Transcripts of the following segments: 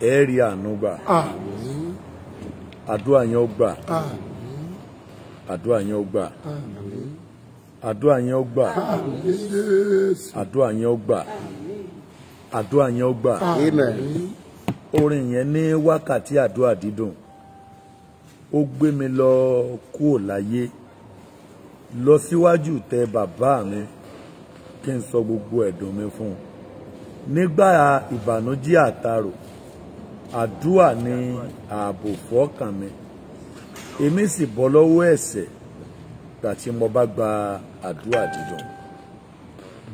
ẹ rí àánú gbà àdúrà yẹn ó gbà àdúrà yẹn ó gbà àdúrà yẹn ó gbà àdúrà yẹn ó gbà àdúrà yẹn ó gbà orin yẹn ní wákàtí àdúrà dídùn ó gbé mi lọ kúò láyé lọ síwájú tẹ bàbá mi kí n sọ gbogbo ẹ̀dùn mi fún un nígbà ìbànújẹ́ àtarò àdúà ni ààbò fọ́kàn mi èmi sì bọ́ lọ́wọ́ ẹ̀ṣẹ̀ tàti mo bá gba àdúà dídùn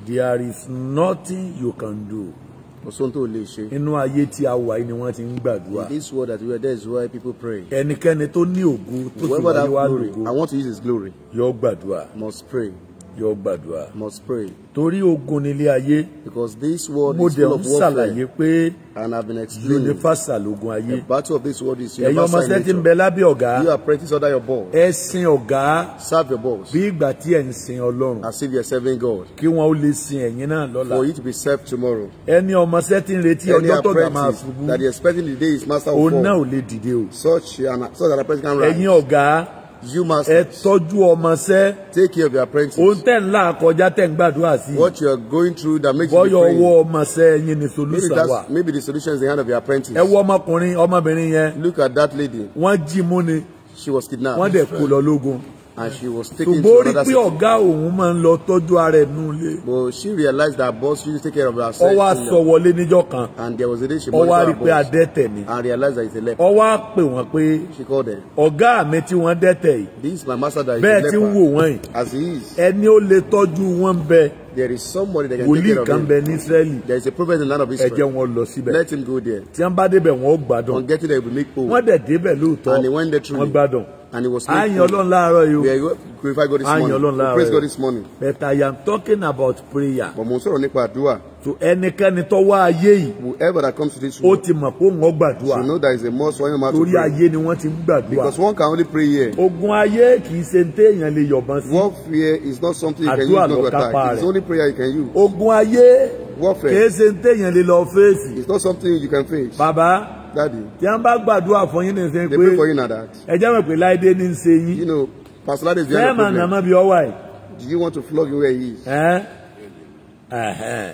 there is nothing you can do ọsán tó lè ṣe. inú ayé tí a wà yìí ni wọ́n ti ń gbàdúrà. in this world that we are there is why people pray. ẹnikẹ́ni tó ní ògo tó ti wáyé wá lògo. I want to use his glory. yóò gbàdúrà. must pray yóò gbàdúrà. must pray. torí ogun nílé ayé. because this world is full of warfare. mo dẹ̀ ń ṣàlàyé pé. and I have been explaining. universal ogun ayé. the battle of this world is universal in nature. ẹ̀yin ọmọ sẹ́tí ń bẹ lábẹ́ ọ̀gá. you are practicing under your boss. ẹ sin ọ̀gá. serve your boss. bí ìgbà tí ẹ ń sin ọlọ́run. as if you are serving God. kí wọn ó lè sin ẹ̀yin náà lọ́la. for you to be served tomorrow. ẹni ọmọ sẹ́tí ń retí ọjọ́ tó dà máa ṣubú. that he is expecting the day is master will fall. òun náà ò lè dìde o. such an such an apprentice can rise. ẹ̀yin ọ̀gá you must. ẹ tọ́jú ọmọ sẹ́. take care of your apprentice. ohun tẹ́ ń là kọjá tẹ́ ń gbàdúrà sí. what you are going through that makes you pray. bọ́yọ̀ wọ ọmọ sẹ́ ẹyin ni solution maybe wa. maybe the solution is the hand of your apprentice. ẹ wọ ọmọkùnrin ọmọbìnrin yẹn. look at that lady. wọ́n jí mú ni. she was kidnapped. wọ́n dẹ̀ kó lọ lógun and she was taken to another city. ṣùgbọ́n rí pé ọ̀gá òun máa ń lọ tọ́jú ara ẹ̀ nù lé. but she realized that boss really take care of herself. ó wá wọlé níjọ́ kan. and there was a day she monitor her boss. ó rí pé adẹ́tẹ̀ ni. and realized that it's a leper. ó pè wọ́n pé. she called them. ọ̀gá mi tí wọ́n dẹ́tẹ̀ yìí. this is my master that is a leper. bẹ́ẹ̀ ti ń wò wọ́n yìí. as he is. ẹni ó lè tọ́jú wọn bẹ́ẹ̀ there is somebody that can Woli take care of him. israeli. there is a prophet in the land of israel. let him go there. tí wọ́n bá débẹ̀ wọ́n ó gbádùn. on getting there he will make home. and he went there truly. wọ́n and he was made home. ayin ọlọ́run we are glorify God this morning. We praise God this morning. but I am talking about prayer. bọ̀mọ̀ so ẹnikẹ́ni tó wá ayé yìí. whoever that comes to this world. ó ti mọ̀ pé òun gbàdúrà. should know there is a must for him to pray. ayé ni wọ́n ti ń gbàdúrà. because one can only pray here. ogun ayé kì í ṣe ní téèyàn lè yọ̀bọ̀n sí. warfare is not something you can use to attack it only prayer you can use. ogun ayé. warfare kì í ṣe ní téèyàn lè lọ fèsì. not something you can face. baba daddy. tí a bá gbàdúrà fún yín ní sẹ́yìn pé. for you na that. ẹ jẹ́ mọ̀ pé láìdé ní ṣe yín. you know pastor lade is the end of bí ọ wà yìí. do you want to flog where he is. Eh? Uh -huh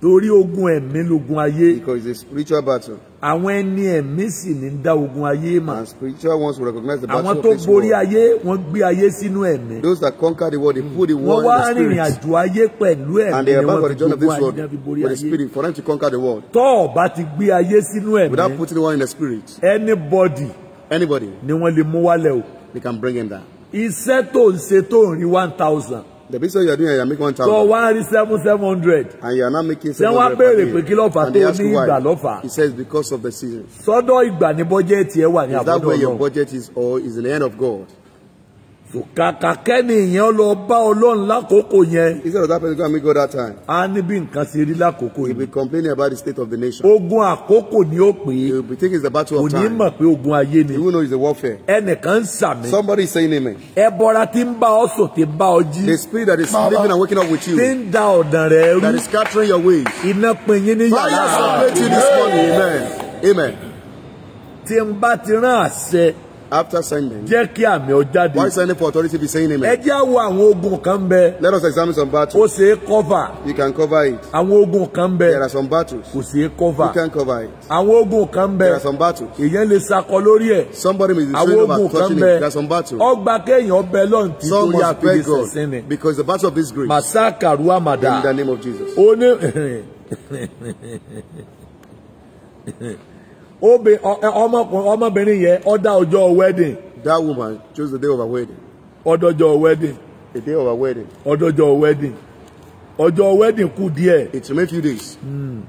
torí ogun ẹ̀mí lógun ayé. because it's a spiritual battle. àwọn ẹni ẹ̀mí sì ní dá ogun ayé mà. and spiritual ones will recognize the battle of this world. àwọn tó borí ayé wọ́n gbé ayé sínú ẹ̀mí. those that conquer the world they put the war in the spirit. wọ́n wá rìnrìn àjò ayé pẹ̀lú ẹ̀mí. and they are back for the journey of this world with the spirit for them to conquer the world. tọ́ ọ̀ bá ti gbé ayé sínú ẹ̀mí. without putting the war in the spirit. anybody. anybody. ni wọ́n lè mú wálẹ̀ o. they can bring him down. iṣẹ́ tó ń ṣe tó ń rí one thousand. The business you are doing, you are making one thousand. So why is seven seven hundred? And you are now making seven hundred per day. Then wọ́n béèrè pé kí ló fà tó ní ìgbà He says because of the season. Sọ́dọ̀ ìgbà ni budget ẹ wà ní àbọ̀dọ̀ náà. Is that where your budget is or is the end of God? So kàkà kẹ́ni yẹn lọ bá Ọlọ́run lákòókò yẹn. Instead of oh, that person go and meet God that time. A ní bí nǹkan ṣe rí lákòókò yẹn. He be complaining about the state of the nation. Ogun àkókò ni ó pè é. He be thinking it's the battle of time. Kò ní mọ̀ pé ogun ayé ni. Even though it's a warfare. Ẹnìkan sàmì. Somebody is saying amen. Ẹbọra ti ń bá ọ sùn ti bá ọ jí. The spirit that is sleeping and waking up with you. Ti ń da ọ̀dàn rẹ̀ rú. That is scattering your ways. Iná pin yín ní yàrá. Fire separate you this morning. Amen. Amen. Tí n bá ti rán àṣẹ after sending. jẹ́ kí àmì ọ jáde. why sending for authority be saying amen. ẹ jẹ́ àwọ àwọn ogun kan bẹ. let us examine some battles. ó ṣe é cover. you can cover it. àwọn ogun kan bẹ. there are some battles. kò ṣe é cover. you can cover it. àwọn ogun kan bẹ. there are some battles. èyàn lè sakọ lórí ẹ. somebody may be trained over touching it. there are some battles. ọgbà kéèyàn bẹ lọ́n tí torí àfihàn sẹ́sìn ni. because the battle of this grace. masaka ruamada. in the name of Jesus. ó ní. E, ọmọbìnrin yẹn ọ̀dà ọjọ́ wedding. that woman chose the day of her wedding. ọdọjọ wedding. the day of her wedding. ọdọjọ wedding. ọjọ́ wedding kù díẹ̀. it remain few days. Hmm.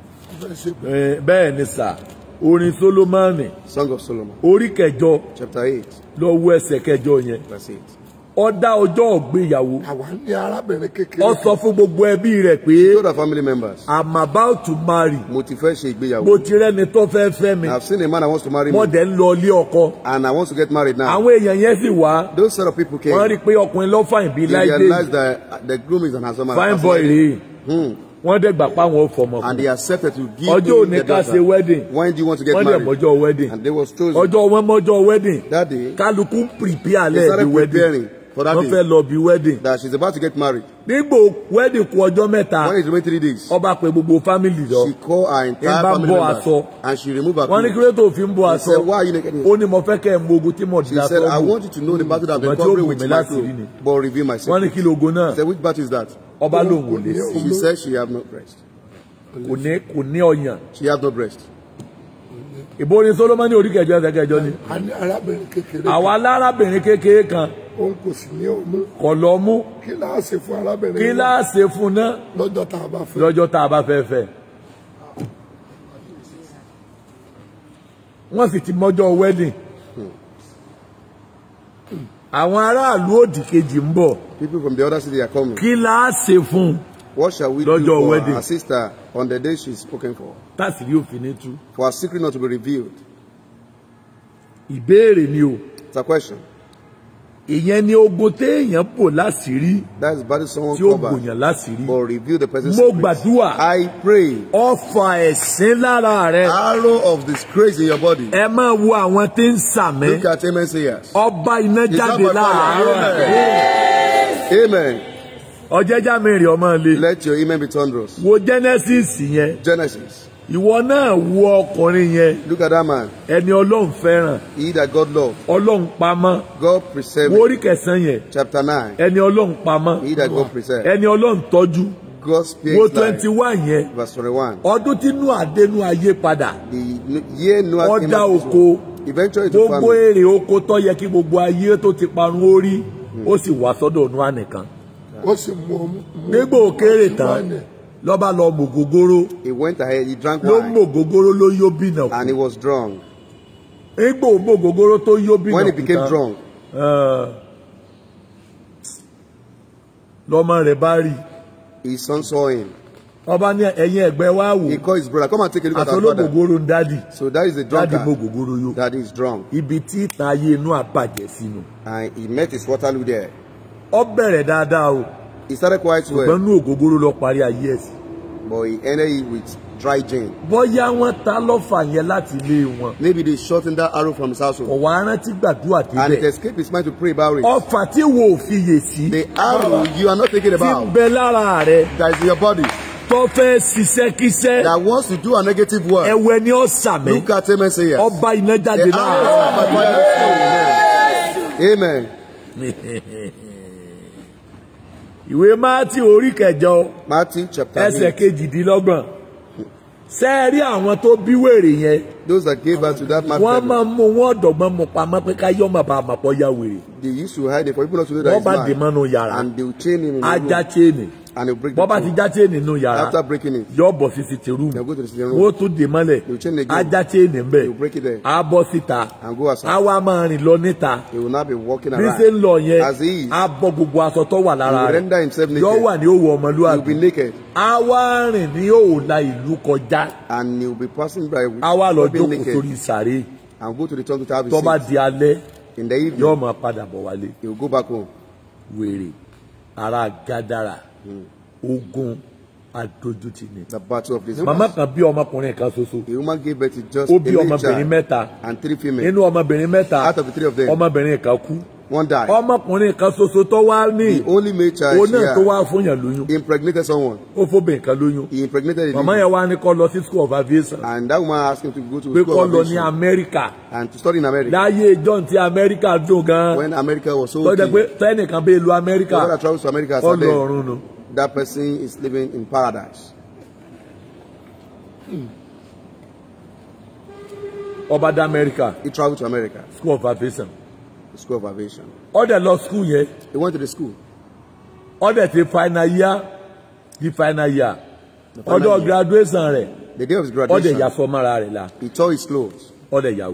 Eh, bẹ́ẹ̀ ni sà orin solomoni. song of solomon. orí kẹjọ. chapter eight. lọ wo ẹsẹ̀ kẹjọ yẹn. verse eight ó dá ọjọ́ ìgbéyàwó. àwa ní arábìnrin kékeré. ó sọ fún gbogbo ẹbí rẹ̀ pé. to the family members. I'm about to marry. mo ti fẹ́ ṣe ìgbéyàwó. mo ti rẹ́ni tó fẹ́ fẹ́ mi. I've seen a man that wants to marry me. mo dẹ̀ ń lọ ilé ọkọ. and I want to get married now. àwọn èèyàn yẹn sì wá. those sort of people came. wọ́n rí i pé ọkùnrin ló fàyìn bí láì dé. they realize that the groom is an handsome man. fine boy rèé. Hmm wọ́n dẹ̀ gbà pa àwọn fọmọ and they accepted to give ọjọ́ òní ká ṣe wedding. when do you want to get married. wọ́n dẹ̀ mọ́jọ́ wedding. and they was chosen. ọjọ́ wọn mọ́jọ́ wedding. that day. kálukú prepare alẹ́ wedding. they started preparing for that day. wọ́n fẹ́ lọ bí wedding. that she's about to get married. nígbò wedding kù ọjọ́ mẹ́ta. when is three days. ọba pè gbogbo family lọ. she call her entire family members. ń bá aṣọ. and she remove her clothes. wọ́n ní kí ló tó fi ń bọ́ aṣọ. she said why are you naked. ó ní mo fẹ́ kẹ́ ẹ̀ mú ogun tí mo dìda sọ́ọ̀bù. she said I want you to know the battle that I been covering with my clothes but reveal myself. wọ́n ní kí lóògùn náà. she said which battle is that. ọba lòun ò lè sí. she said she have no breast. kò ní kò ní ọyàn. she have no breast ìbò ni solomoni orí kẹjọ ẹsẹ̀ kẹjọ ni. a ní arábìnrin kékeré kan. àwa arábìnrin kékeré kan. òun kò sì ní ọmú. kò lọ mú. kí láà ṣe fún arábìnrin náà. kí láà ṣe fún náà. lọ́jọ́ tá a bá fẹ́. lọ́jọ́ tá a bá fẹ́ fẹ́. wọ́n sì ti mọ́jọ́ wedding. àwọn aráàlú òdì kejì ń bọ̀. people from the other city are coming. kí láà ṣe fún un. What shall we Lord do for wedding. our sister on the day she is spoken for? That's òfin ní tú. For her secret not to be revealed. Ìbéèrè ni o. It's a question. Ìyẹn ni ogun téèyàn bò láṣìírí. That is bad someone cover. Tí ó bòyàn láṣìírí. But reveal the person's secret. Mo gbàdúrà. I pray. Ọfà ẹ̀sín lára rẹ. Arrow of disgrace in your body. Ẹ máa wo àwọn tí ń sàmẹ́. Look at amen sayers. Ọba iná jáde láàárọ̀. Amen. Amen ọjẹjà mẹ́rin ọmọ le. let your image be thunderous. wo genesis yẹn. genesis. ìwọ náà wo ọkùnrin yẹn. look at that man. ẹni ọlọ́run fẹ́ràn. he that God love. ọlọ́run pamọ́. God preserve. wo orí kẹsàn-án yẹn. chapter nine. ẹni ọlọ́run pamọ́. he that God preserve. ẹni ọlọ́run tọ́jú. God spares life. Wo twenty one yẹn. verse twenty one. ọdún tí Noah dénú ayé padà. the year Noah came out. oko. eventually to family. gbogbo èrè oko tó yẹ kí gbogbo ayé tó ti parun ó rí. Hmm. ó sì wá sọ́dọ̀ Noah nìkan ó sì mú ọmú. nígbà òkèrè tán lọ́ba lọ mọ ògógóró. he went ahead he drank wine. ló mọ ògógóró ló yó bínà. and he was drunk. nígbà òmò ògógóró tó yó bínà. when he became drunk. Eh, lọ́mọ rẹ̀ bá rí. his son saw him. ọba ní ẹ̀yin ẹ̀gbẹ́ wa wò. he called his brother come and take a look at our brother. àtọ́lọ́ gògóró ń dádì. so that is a drunkard. dádì mo gògóró yó. daddy is drunk. ibi tí ìtàn ayé inú àbàjẹ́ sínú. and he met his waterloo there ọ bẹ̀rẹ̀ dáadáa o. he started quite well. ṣùgbọ́n inú ògógóró lọ parí ayé ẹ̀ sí. but he ended it with dry gin. bóyá wọ́n ta lọ́fà yẹn láti ilé wọn. maybe they shortened that arrow from his house. kò wá rántí gbàdúrà débẹ̀. and it escaped his mind to pray about it. ọfà tí wo ò fi yè sí. the arrow you are not thinking about. ti bẹ lára rẹ. that is your body tó fẹ́ that wants to do a negative work. ẹ̀wẹ̀ ni ó sàmì. look at him and say yes. ọba iná jáde náà. amen. amen. ìwé mátì orí kẹjọ ẹsẹ̀ kejìdínlọ́gbọ̀n ṣé ẹ rí àwọn tó bí wèrè yẹn those that gave birth to that man wọ́n máa mú wọn dọ̀gbọ́n mu pamọ́ pé ká yọmọ bá àmàpọ̀ ya wèrè. they used to hide it for people not to know that it's man bá dè mọ́nu yàrá and they chain him in the ajá chain and you break the chain. ti já chain nínú yàrá after breaking it yóò bọ̀ sí sitting room the room wọ́n tún dè mọ́lẹ̀ they will chain again ajá chain nbẹ̀ they will break it there á bọ́ síta and go outside lọ níta he will not be walking around bí ṣe ń lọ yẹn as he is á gbogbo aṣọ tó wà lára rẹ̀ he will render himself naked wà ní òwò ọmọlúwàbí he will be naked á wá rìn ní òòlà ìlú kọjá and he will be passing by with á wá lọ jókòó sórí sàré and di alẹ́ in the evening yóò padà bọ̀ wálé will go back home wèrè ara gádàrà ogun adójútì ni. the battle of this. màmá kan bí ọmọkùnrin kan ṣoṣo. the woman gave birth to just three baby child. ó ọmọbìnrin mẹ́ta. and three females. nínú ọmọbìnrin mẹ́ta. out of the three of them. ọmọbìnrin kan kú. one died. ọmọkùnrin kan ṣoṣo tó wá ní. the only male child here. onáà tó wá fún yàn lóyún. he impregnated someone. ó fóbìnrin kan lóyún. he impregnated a lady. màmá yẹn wá ní kó lọ sí school of aviation. and that woman asked him to go to school of aviation. pé kó lọ ní America. and to study in America. láyé john ti America dùn gan. when America was so big. tọ́jà pé tẹ́nìkan bẹ́ẹ̀ lu America. the brother travels to America as a man. ọlọ́run that person is living in paradise. Hmm. America. He traveled to America. School of aviation. The school of aviation. All the law school yẹn. He went to the school. All the ti final year the final year. Ọdọ graduation rẹ̀. The day of his graduation. All the yà fọ́mọ́ra rẹ̀ He tore his clothes. All the year,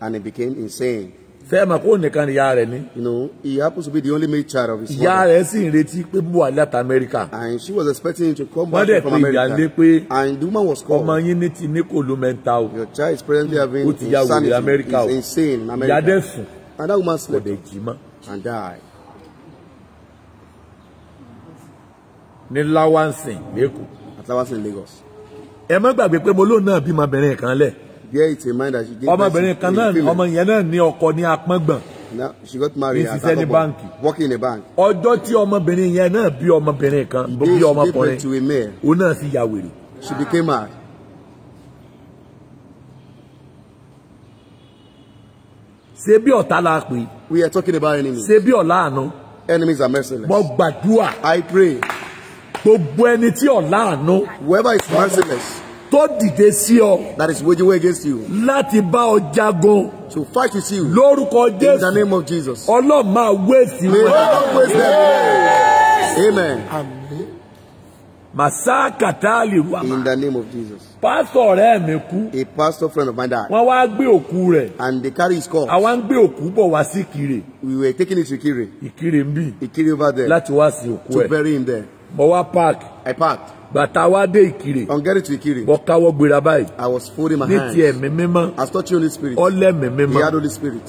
And he became insane fẹ́ mọ̀ kó nìkan ìyá rẹ̀ ni. you know he happens to be the only male child of his father. ìyá rẹ̀ sì ń retí pé Buhari láti Amẹ́ríkà. and she was expecting him to come back from America. wọ́n dẹ̀ pé ìyáálé pé and the woman was called. ọmọ yín ní ti ní kòló mẹ́ta o. your child is presently having insanity. ó ti ya wòlé Amẹ́ríkà o. he is insane in America. ìyá dẹ̀ sùn. and that woman slept. kò dẹ̀ jí mọ́. and died. ní lawansin lẹ́kọ̀ọ́. at lawansin Lagos. ẹ má gbàgbé pé mo lóun náà bímọ abẹ́rẹ́ kan lẹ̀ she gave ọmọbìnrin kan náà ọmọ yẹn náà ní ọkọ ní apọ́ngbọ̀n Now, she got married at bank. working in a bank. Ọjọ́ tí ọmọbìnrin yẹn náà bí ọmọbìnrin kan, bí ọmọkùnrin, òun náà sì ya wèrè. She became mad. bí ọ̀tá la pè? We are talking about enemies. bí ọ̀la àná? Enemies are merciless. Mo gbàdúrà. I pray. Gbogbo ẹni tí ọ̀la àná. Whoever is merciless tó dìde sí ọ. that is waging war against you. láti bá ọ jagun. to fight with you. lórúkọ jésù. in the name of jesus. ọlọ́run máa wéèsì wọn. may God wéèsì them. amen. amen. Masaka Tali Ruama. In the name of Jesus. Pastor ọ̀rẹ́ mi kú. A pastor friend of mine died. Wọ́n wá gbé òkú rẹ̀. And they carry his corpse. Àwa ń gbé òkú bọ̀ wá sí Ìkirè. We were taking it to Ìkirè. Ìkirè ń bì. Ìkirè over there. Láti wá sin òkú ẹ̀. To bury him there. Mo wá park. I parked bàtà wa dé ìkirè. on getting to ìkirè. bọ́ káwọ́ gbéra báyìí. I was folding my hands. ní ti ẹ̀mí mímọ́. as touching holy spirit. ọlẹ́mí mímọ́. he had holy spirit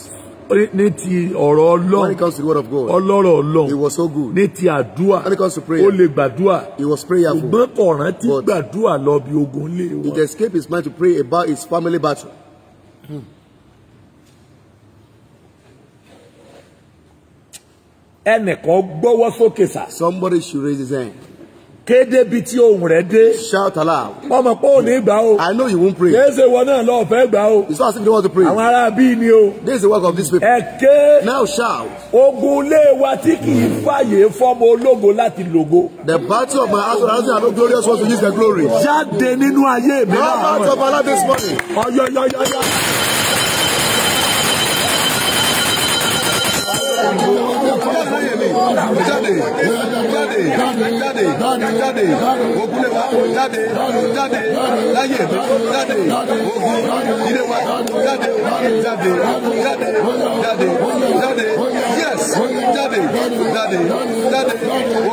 ní ti ọ̀rọ̀ ọlọ́run when it comes to the word of God ọlọ́rọ̀ ọlọ́run it was so good ní ti àdúrà when it comes to prayer ó lè gbàdúrà He was prayerful ṣùgbọ́n kọ̀ọ̀rán ti gbàdúrà lọ bí ogun lé wọn. it escaped his mind to pray about his family battle. ẹnìkan gbọ́wọ́ sókè sá. somebody should raise his hand kéde bi tí ohùn rẹ dé. shout aloud. wọ́n mọ̀ ò ní gbà o. I know you won't pray. kéésè wọn náà lọ fẹ́ gbà o. it's not as if they want to pray. àwọn ará bí ni o. this is the work of this people. ẹ now shout. ogun ilé wa tí kì í fàyè fọ́mọ ológo láti lògo. the battle of my house and house and no glorious one to use their glory. jáde nínú ayé mi náà. how about your this morning. ọyọyọyọyọ jáde jáde jáde jáde ogunlé wa jáde jáde láyé mi jáde ogun ilé wa jáde jáde jáde jáde jáde yes jáde jáde jáde.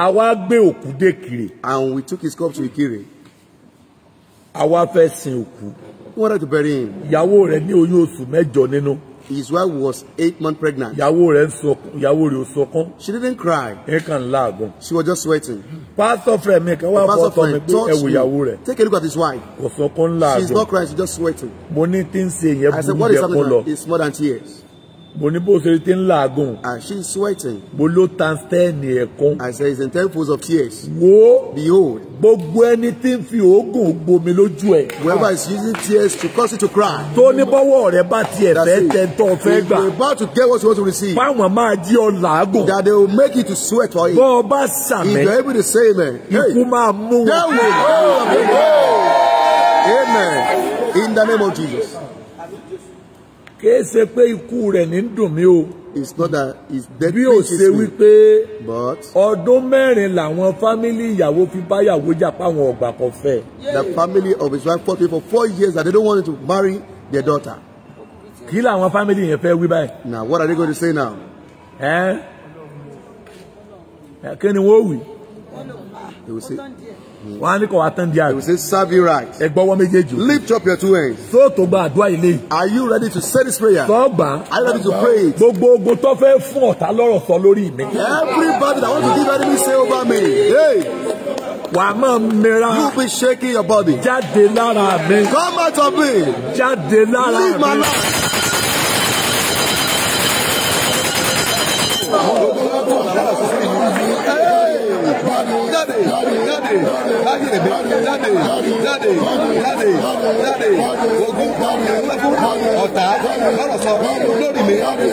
a wá gbé òkú dé Ikire. and we took his corpse to Ikire. a wá fẹ́ sin òkú. we wanted to bury him. ìyàwó rẹ̀ ní oyún oṣù mẹ́jọ nínú. his wife was eight months pregnant. ìyàwó rẹ̀ ń sọkún ìyàwó rẹ̀ ò sọkún. she didn't cry. ẹ kàn láàgùn. she was just sweating. pastor friend mi kan wá fọ ọtọ mi pé ẹ wo ìyàwó rẹ̀. take a look at his wife. kò sọkún láàgùn. she is not crying she is just sweating. mo ní tí ń ṣe yẹn I said what is happening now is more than tears mo ní bó ṣe ti ń làágùn. and she is sweating. mo ló tan ten ẹ̀kún. I say it's in ten folds of tears. wo behold. gbogbo ẹni tí ń fi òógùn gbomi lójú ẹ. whoever is using tears to cause you to cry. tó ní bọ́wọ́ rẹ bá tiẹ̀ fẹ́ tẹ̀ntọ́ fẹ́ gbà. you are about to get what you want to receive. fáwọn máa jí ọ làágùn. that they will make you to sweat for it. bọ́ ọ bá sàmẹ́. if you are able to say amen. ikú máa mú wọn. they will. amen. in the name of Jesus kìí ṣe pé ikú rẹ̀ ní dùn mí o. it's not that it's death bí o ṣe wípé ọdún mẹ́rin làwọn fámìlì ìyàwó fi báyàwó jà páwọn ọgbà kan fẹ́. the family of his wife fought for four years that they don't want to marry their daughter. kí làwọn fámìlì yẹn fẹ́ wí báyìí. now what are they going to say now. ẹ kí ni wọ́n wí. they will say wọ́n á ní kò wá tán di àrùn. they will say serve you right. ẹ gbọ́wọ́ méjèèjì. lift up your two hands. tó tó gba àdúrà ilé. are you ready to say this prayer. tó gbà. are you ready to pray it. gbogbo ogun tó fẹ́ fún ọ̀tá lọ́rọ̀ sọ lórí mi. everybody that want to give enemy say over me. Hey. wà á máa mìíràn. you be shaking your body. jáde lára mi. come out of me. jáde lára mi. leave my life. jáde jáde jáde jáde jáde ogun ìwéfún ọ̀tá lọ́rọ̀ sọ lórí mi jáde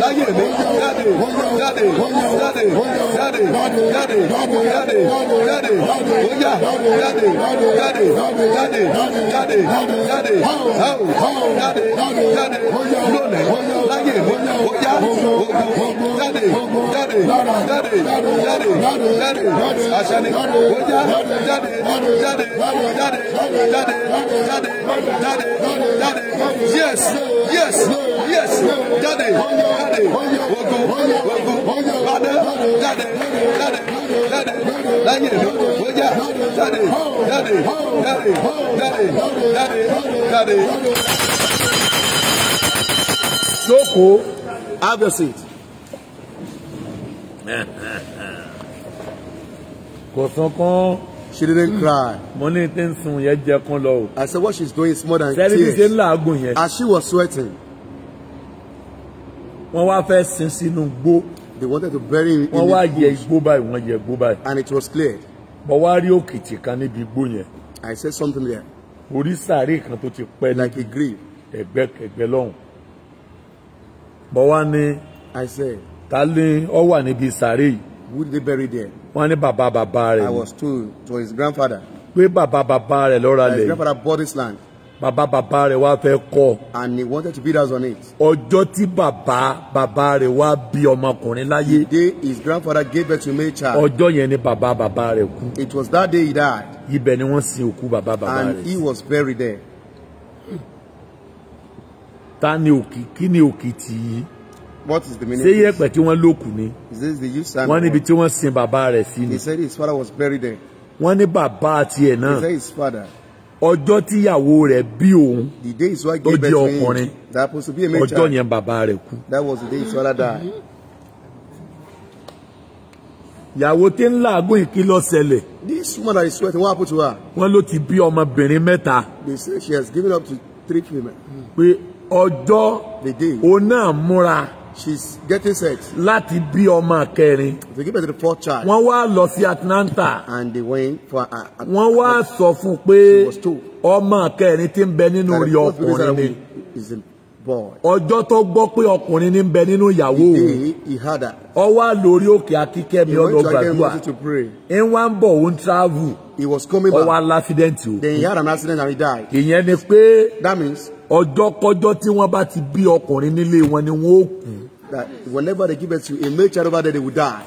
láyé mi jáde jáde jáde jáde jáde jáde jáde oya jáde jáde jáde jáde jáde awo jáde jáde lónìí láyé mi oya ogun jáde jáde jáde jáde jáde àṣẹ ni oya jáde jáde jáde jáde jáde jáde jáde yes yes yes jáde jáde wọgọ wọgọ padà jáde jáde jáde láyé wọjà jáde jáde jáde jáde jáde jáde. Jókòó, have your seat. Kò sọ kán she didn't hmm. cry. mo tí ń sun yẹn jẹ kán lọ o. I said what she's doing is more than tears. sẹ́ni ṣe ń làágùn yẹn. as she was sweating. wọ́n wá fẹ́ sin sínú igbó. they wanted to bury him in the bush. wọ́n wá yẹ igbó báyìí wọ́n yẹ igbó báyìí. and it was clear. mo wá rí òkìtì kan níbi igbó yẹn. I said something there. orí sàárè kan tó ti pẹ́ like a grave. ẹgbẹ́kẹgbẹ́ lọ́hùn. mo wá ní. I said. ta ni ó wà níbi sàárè yìí. Who did they bury there? Wọ́n ní bàbá bàbá rẹ̀. I was told it was his grandfather. Pé bàbá bàbá rẹ̀ ló lẹ̀. His grandfather bought this land. Bàbá bàbá rẹ̀ wá fẹ́ kọ́. And he wanted to build house on it. Ọjọ́ tí bàbá bàbá rẹ̀ wá bí ọmọkùnrin láyé. The day his grandfather gave birth to me, child. Ọjọ́ yẹn ni bàbá bàbá rẹ̀ kú. It was that day he died. Ibẹ̀ ni wọ́n sin òkú bàbá bàbá rẹ̀. And he was buried there. Ta ni òkì kí ni òkìtì yìí? what is the meaning? ṣé yẹ̀pẹ̀ tí wọ́n lókù ni wọ́n níbi tí wọ́n sin bàbá rẹ̀ sí he said his father was buried there. wọ́n ní bàbá tiẹ̀ náà. he said his father ọjọ́ tíyàwó rẹ̀ bí òun tó jẹ́ ọkùnrin ọjọ́ yẹn bàbá rẹ̀ kú. ìyàwó tí ń làágùn ìkí lọ ṣẹlẹ̀. this woman that is sweating what happened to her. wọ́n ló ti bí ọmọbìnrin mẹ́ta. they say she has given up to three women. the day. òun na múra she's getting sex. láti bí ọmọ kẹrin. to give birth to the fourth child. wọ́n wá lọ sí Atlanta. and they went for a. Uh, a uh, wọ́n wá uh, sọ fún pé ọmọ kẹrin ti ń bẹ nínú rí ọkùnrin ni. ọjọ́ tó gbọ́ pé ọkùnrin ní ń bẹ nínú ìyàwó òun. ó wá lórí òkè akíkẹ́mi ọ̀dọ̀ gbàdúrà. ń wá ń bọ̀ òun travel. he was coming back. ó wá l'accident o. then he had an accident and he died. ìyẹn ni pé. that means. ọjọ́ kọjọ́ tí wọ́n bá ti bí ọkùnrin nílé wọn ni wọ́n ó kú that whenever they give it to a male over there, they will die.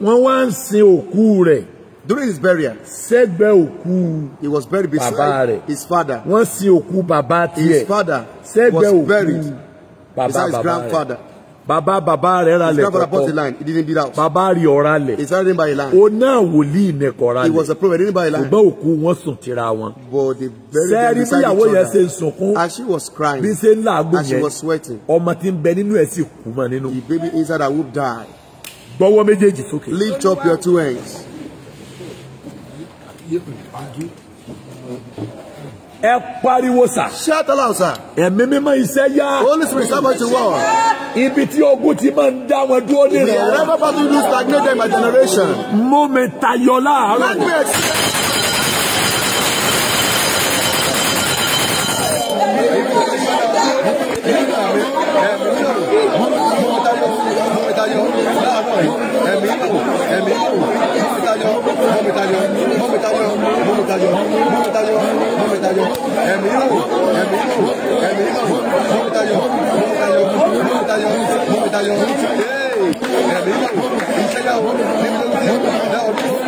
Wọ́n wá ń sin òkú During his burial, said be òkú he was buried beside bàbá his father. Wọ́n sin òkú bàbá His father was buried beside his grandfather bàbá bàbá rẹ̀ ra lẹ̀ kọ̀kọ́ bàbá rí ọ̀ra lẹ̀ o náà wòlíì nẹ̀kọ̀ ra lẹ̀ ṣùgbọ́n òkú wọn sùn tira wọn. sẹ́ẹ̀rí bíyàwó yẹn ṣe ń sunkún bí ṣe ń làágùn yẹn ọmọ tí ń bẹ nínú ẹ̀ sì kú mọ́ nínú. gbọ́wọ́ méjèèjì sókè. lift up your two hands ẹ pariwo sà. shout aloud sà. ẹ̀mí mímọ́ iṣẹ́ yá. holy spirit sábà ti wọ̀. ibi tí ogun ti máa ń dá wọn dúró nínú. the river battle do stagnate them by generation. mú mi tayọ láàárọ̀. let me explain. ẹ̀mí ẹ̀mí ẹ̀mí ẹ̀mí. medalhão, bom medalhão, bom medalhão, bom medalhão, bom medalhão, bom medalhão. É meu, é meu, é meu, bom medalhão, bom medalhão, bom medalhão, bom Ei, é meu, enxerga o homem, tem que o o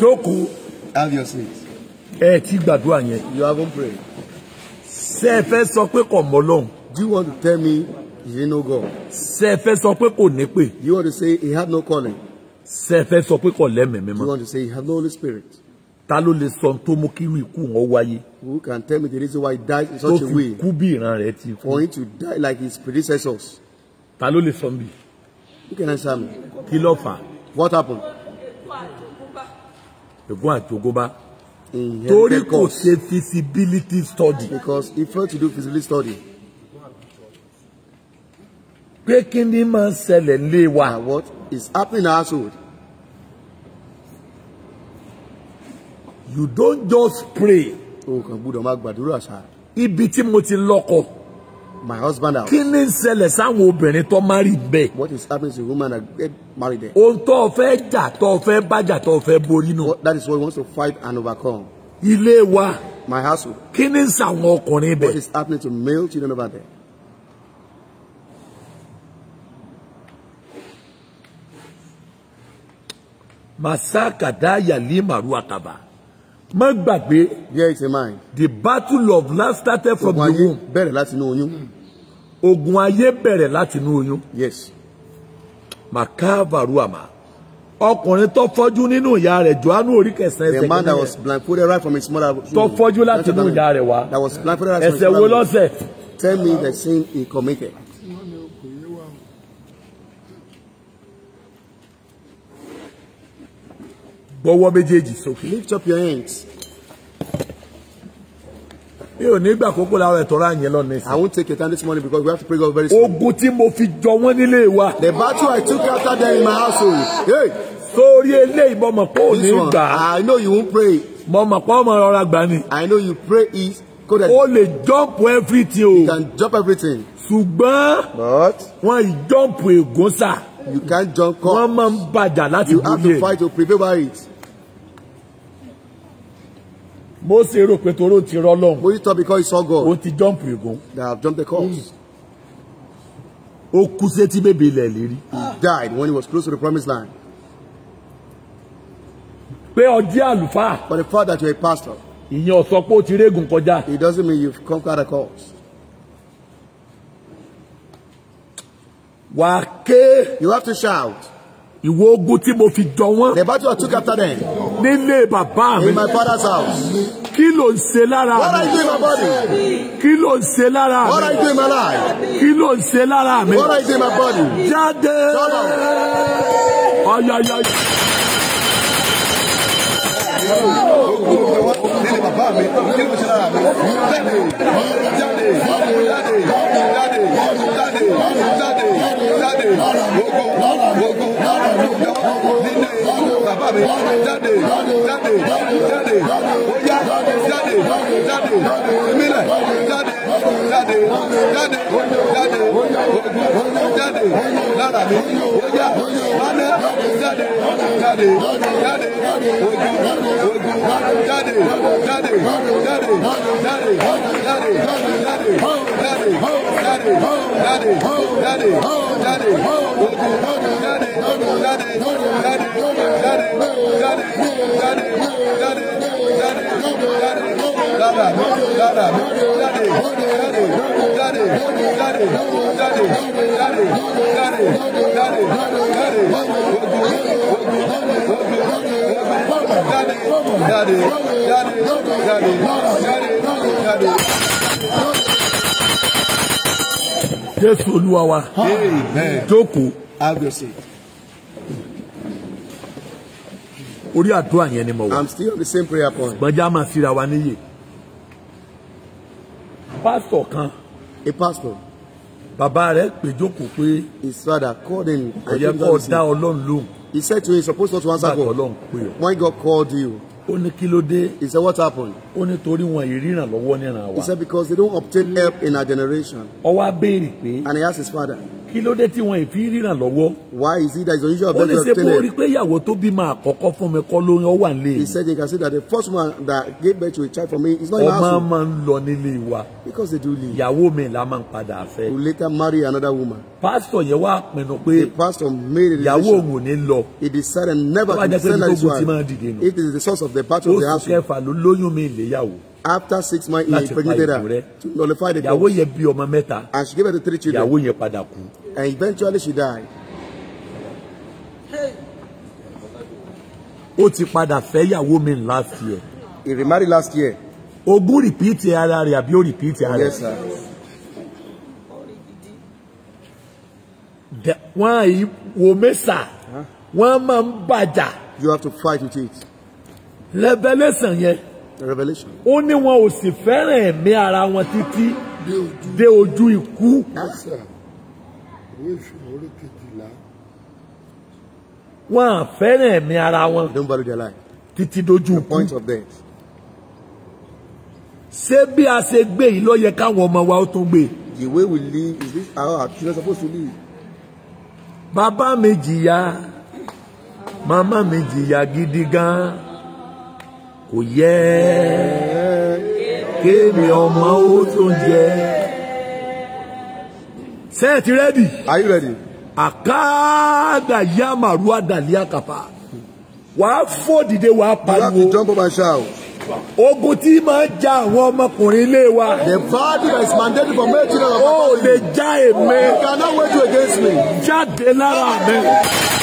jókòó. have your seat. ẹ ti gbàdúrà yẹn. you haven't prayed. ṣé ẹ fẹ́ sọ pé kò mọ lọ́hùn. do you want to tell me he didn't know God. ṣé ẹ fẹ́ sọ pé kò ní pè. you want to say he had no calling. ṣé ẹ fẹ́ sọ pé kò lẹ́mìí mímọ́. you want to say he had no holy spirit. ta ló lè sọ tó mú kí irú ikú wọn wáyé. who can tell me the reason why he died in such a way. tó fi kú bí ìran rẹ̀ ti for him to die like his predecessors. ta ló lè sọ mi. who can answer me. kí ló fà. what happened ègún àjogúnbá torí kò ṣe feasibility study. because he failed to do feasibility study. pé kí ni máa ń ṣẹlẹ̀ nílé wa. what is happening in household. you don't just pray. o kàn gbọ́dọ̀ máa gbàdúrà ṣáà. ibi tí mo ti lọ́kọ̀ọ́ my husband out. kí ni sáwọn obìnrin tó máa rí what is happening to women that get married there. ohun tó fẹ́ jà tó fẹ́ bájà tó fẹ́ borí nù. that is what he wants to fight and overcome. ilé wa. my household. kí ni ọkùnrin bẹ́ẹ̀. what is happening to male children over there. masakada yali maru akaba má gbàgbé. here is a mind. the battle of love started from the womb. bẹ̀rẹ̀ láti inú oyún ogun ayé bẹ̀rẹ̀ láti inú oyún. yes. makavaruama ọkùnrin tó fọ́jú nínú ìyá rẹ̀ Jòhánù orí ẹsẹ̀ kẹsàn-án. the man that was blindfolded right from his mother. tó fọ́jú láti inú ìyá rẹ̀ wá. that was blindfolded right wo ló tell me the sin he committed. gbọ́wọ́ méjèèjì sókè. lift up your hands mi ò ní gbà kókó la ọ̀rẹ́ tọ́ra yẹn lọ ní. I won't take your time this morning because we have to pray God very soon. ogun tí mo fi jọ wọ́n nílé wa. The battle I took after them in my household. Hey. sórí eléyìí mo mọ̀ pé ní gbà. I know you won't pray. mo mọ̀ pé ọmọ rọra gbà ni. I know you pray it. o lè jump everything o. You can jump everything. ṣùgbọ́n. But. wọ́n ì jump ègún sá. You can't jump wọ́n máa ń bàjà láti gbúlẹ̀. You have to fight to prevail by it. Mósè rò pé toró ti rọ lọ́hùn. Moses thought because he saw God. Ó ti jump ègún. They have jumped the course. Ó kú sí etí bèbè ilẹ̀ lérí. He died when he was close to the promised land. Pé o jẹ́ àlùfáà. But the fact that you a pastor. Ìyẹn ò sọ pé ó ti régùn kọjá. It doesn't mean you've conquered the course. Wa ke! You have to shout ìwọ ogun tí mo fi jọ wọ́n. the battle I two after them. nílé bàbá mi. in my father's house. kí ló ń ṣe lára mi. what are you doing my body. kí ló ń ṣe lára mi. what are you doing my life. kí ló ń ṣe lára mi. what are you doing my body. jáde. ọ̀yọ̀yọ̀. nílé bàbá mi kí ló ń ṣe lára mi. jáde jáde jáde jáde jáde jáde ògo ògo ògo nílé bàbá mi jáde jáde jáde ó yá jáde jáde mílẹ̀ jáde. jáde jáde jáde jáde lára mi ó já lánà jáde jáde jáde ogun ogun jáde jáde jáde jáde jáde jáde jáde jáde jáde jáde jáde ogun jáde jáde jáde jáde jáde jáde jáde. dáadáa mi dáadáa mi jáde jáde jésù olúwa wa jókòó orí àdúrà yẹn ni mo wà. I'm still on the same prayer point. gbọ́njá máa fira wa níyè. pásítọ̀ kan. a pastor. bàbá rẹ̀ pè jókòó pé. his father called him. kò yẹ kó ọlọ́run lóhùn. he said to him you suppose not to answer God. ọlọ́run pè ọ́. when God called you. ó ní kí ló dé. he said what happened. ó ní torí wọn ìríran lọ́wọ́ níran wa. he said because they don't obtain help in our generation. ó wá pé. and he asked his father kí ló dé tí wọn fi ríran lọ́wọ́. why is it that the issue of birth of tele. ó lè ṣe kó rí pé ìyàwó tó bímọ àkọ́kọ́ fún mi kọ́ ló ń wà he said you can say that the first one that gave birth to a child for me is not in house. ọmọ máa ń lọ nílé wa. because they do leave. ìyàwó mi la máa ń padà fẹ́. who later marry another woman. pastor yẹn wá pinnu pé. the pastor made a decision. ìyàwó òun ò lọ. he decided never to send her his wife. it is the source of the battle of the house. oṣù kẹfà lóyún mi ìléyàwó after six months he impregnated her to nullify the cause. yàwó yẹn ọmọ mẹ́ta. and she gave her the three children. yàwó yẹn padà kú. and eventually she died. ó ti padà fẹ́ yàwó mi last year. he remarried last year. ogún repeat ara rẹ̀ àbí ó rìpíìtì ara rẹ̀. yes sir. wọ́n á yí wo mẹ́sà wọ́n máa ń bàjà. you have to fight with it. revelation yẹn. Revelation. ó ní wọn ò sì fẹ́ràn ẹ̀mí ara wọn títí dé ojú ikú. Uh, wọn à fẹ́ràn ẹ̀mí ara wọn títí dojú ikú. ṣé bí a ṣe gbé yìí ló yẹ káwọn ọmọ wa ó tún gbé. the way we live is this how our children supposed to live. bàbá mi jìyà màmá mi jìyà gidi gan-an kò yẹ kéèmì ọmọ ó tó jẹ. ṣé ẹ ti are you ready. àkàdà yá màrú àdàlí àkàpà wàá fò dìde wàá pariwo. you have to jump up and shout. Ogun tí máa ń ja àwọn ọmọkùnrin ilé wa. The value is mandated for me to know. God. O lè ja èmi. You cannot wait till against me. Jáde lára mi.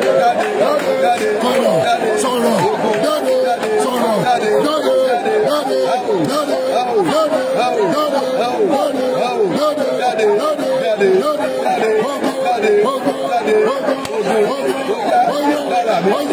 Got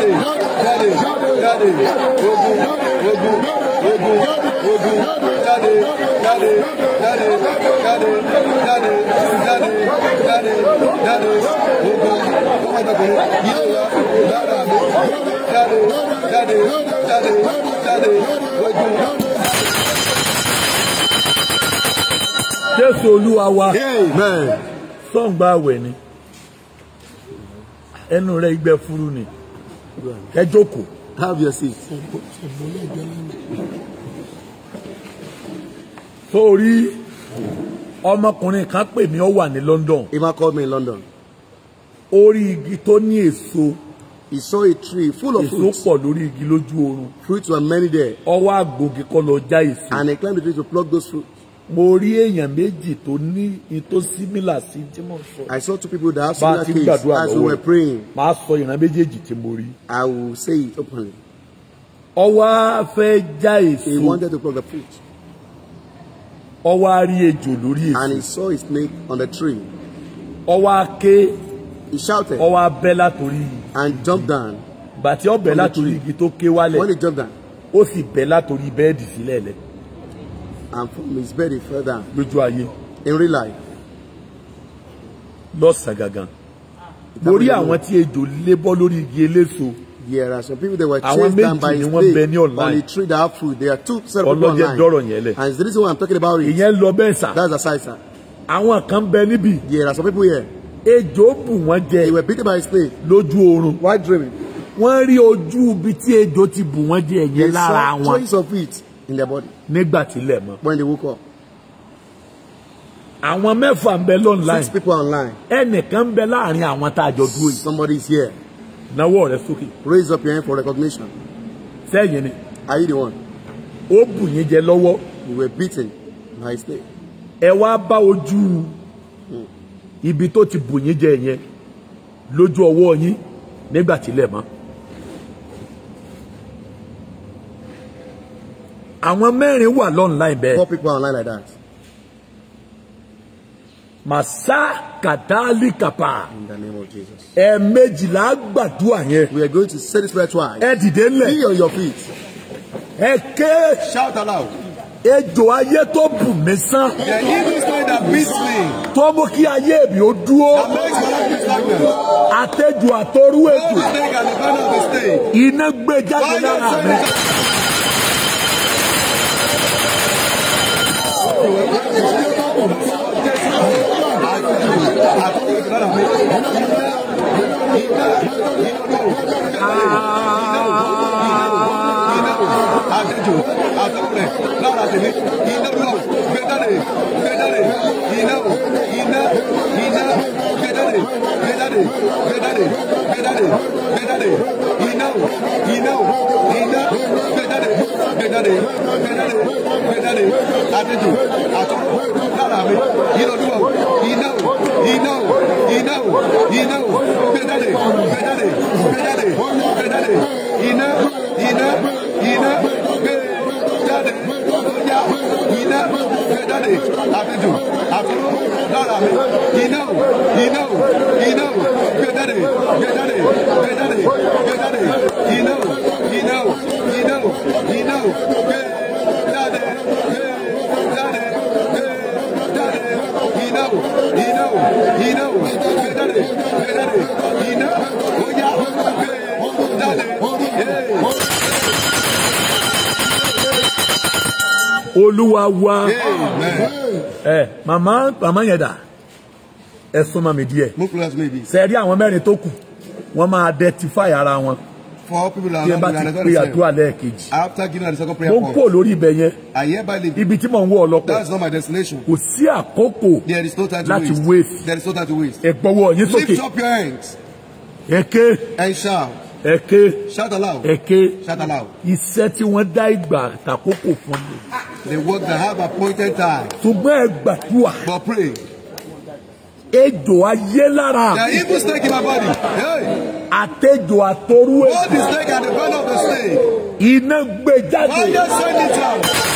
it jáde jáde ogun ogun ogun ogun jáde jáde jáde jáde jáde jáde jáde jáde ogun ọmọdébìnrin yíyá yàrá mi jáde jáde jáde jáde ogun. Jésù Olúwa wa sọ̀ǹgbà àwẹ̀ ni ẹnu rẹ̀ ìgbẹ́ furu ni ẹ jókòó have your seat. torí ọmọkùnrin kan pè mí ó wà ní London. he ma call me in London. orí igi tó ní èso. he saw a tree full of fruits. èso pọ̀ lórí igi lójú oorun. fruits were many there. ó wá gbòógì lọ já èso. and he climbed the tree to pluck those fruits mo rí èèyàn méjì tó ní in tó similar sí tí mo sọ. I saw two people that have similar case as we were praying. Màá sọ ìran méjèèjì tí mo rí. I will say it openly. Ọwá fẹ́ já èso. He wanted to pluck the fruit. Ọwá rí ejò lórí èso. And he saw his snake on the tree. Ọwá ké. He shouted. Ọwá bẹ́ látòrí. And jumped down. Bàtí ọbẹ̀ látòrí igi tó ké wálẹ̀. When he jumped down. Ó sì bẹ́ látòrí bẹ́ẹ̀dì sílẹ̀ lẹ̀ and from his burial further. lójú ayé. in real life. lọ́sàn-án gangan. mo rí àwọn tí ejò lé bọ́ lórí igi eléso. there are some people that were chased down by his day on a tree that have there are two several people online. and the reason why i'm talking about it. ìyẹn lọ bẹ́ẹ̀ sà. that's the size sir. àwọn kan bẹ níbí. there are some people here. ejò bù wọ́n jẹ. they were beaten by a snake. lójú oorun. Why dreaming. wọ́n rí ojú ibi tí ejò ti bù wọ́n jẹ yẹn lára wọn. they saw trace of it in their body. nígbà tí ilẹ̀ mọ́. when they woke up. àwọn mẹ́fà ń bẹ lọ́nline. six people online. ẹnìkan ń bẹ láàrin àwọn tá a jọ dúró yìí. somebody is here. nawọ́ rẹ sókè. raise up your hand for recognition. sẹ́yìn ni. are you the one. ó bù yín jẹ lọ́wọ́. you were beaten by his name. ẹ wá bá ojú hmm. ibi tó ti bù yín jẹ yẹn lójú ọwọ́ yín nígbà tí ilẹ̀ mọ́. àwọn mẹ́rin wà online bẹ́ẹ̀. four people are online like that. Masa Kadali Kapa. In the name of Jesus. Ẹ̀ẹ̀mejìlá gbàdúrà yẹn. We are going to say this prayer twice. Ẹ dìde nlẹ̀. Be on your feet. Ẹ ké. Shout aloud. Ejò ayé tó bù mí sán. The evil spirit that beats me. Tó mú kí ayé mi ó dúró. That makes my life stagnant. Àtẹ̀jù àtorú ejò. Don't take an advantage Iná gbé jáde lára mi. àjẹjù àtúnrẹ lára tèmi iná lọ gbẹdẹrẹ gbẹdẹrẹ iná iná iná gbẹdẹrẹ gbẹdẹrẹ gbẹdẹrẹ gbẹdẹrẹ gbẹdẹrẹ iná iná iná gbẹdẹrẹ jáde gbé jáde gbé jáde gbé jáde àtẹjù àtọ lára mi ìlọdúnwọ iná o iná o iná o iná o gbé jáde gbé jáde gbé jáde gbé jáde iná iná iná gbé jáde lóyá iná gbé jáde àtẹjù àtọ lára mi iná o iná o iná o gbé jáde gbé jáde gbé jáde gbé jáde iná o iná o know, he know. Hey, daddy, hey, daddy, hey, daddy. He know, he know, he know. Hey, daddy, hey, daddy, he know. Oh yeah, hey, daddy, hey. Olúwa wa. Ẹ eh, màmá màmá yẹn dà ẹ súnmọ́ mi díẹ̀. Sẹ́ẹ̀rí àwọn mẹ́rin tó kù wọ́n máa dẹ́tífáì ara wọn four people are not in the prayer àdúrà after giving the second prayer point. mo ń kó lórí ibẹ̀ yẹn. ibi tí mò ń wọ ọlọ́pọ̀. that's not my destination. kò sí àkókò. there is no time to waste. láti waste. there is no time to waste. yín sókè. lift up your hands. ẹ ké. shout. ẹ shout aloud. ẹ shout aloud. iṣẹ́ tí wọ́n dá ìgbà àtàkókò fún mi. the work that have appointed time. ṣùgbọ́n ẹ gbàdúrà. but pray ejò ayé lára. The evil snake in my body. Atejo Àtejò àtorú ejò. Hold the snake at the bend of the snake. Iná gbé jáde. Wọ́n yẹ sẹ́yìn níta.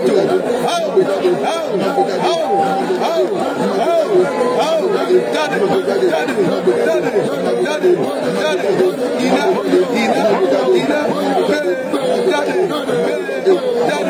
Daddy, daddy, daddy, daddy, Oh, oh,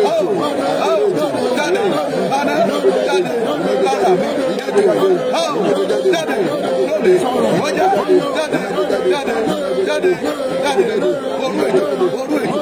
oh, oh, oh, jáde padà jáde padà jáde háò jáde lóde ọjà jáde jáde jáde jáde orú ètò orú.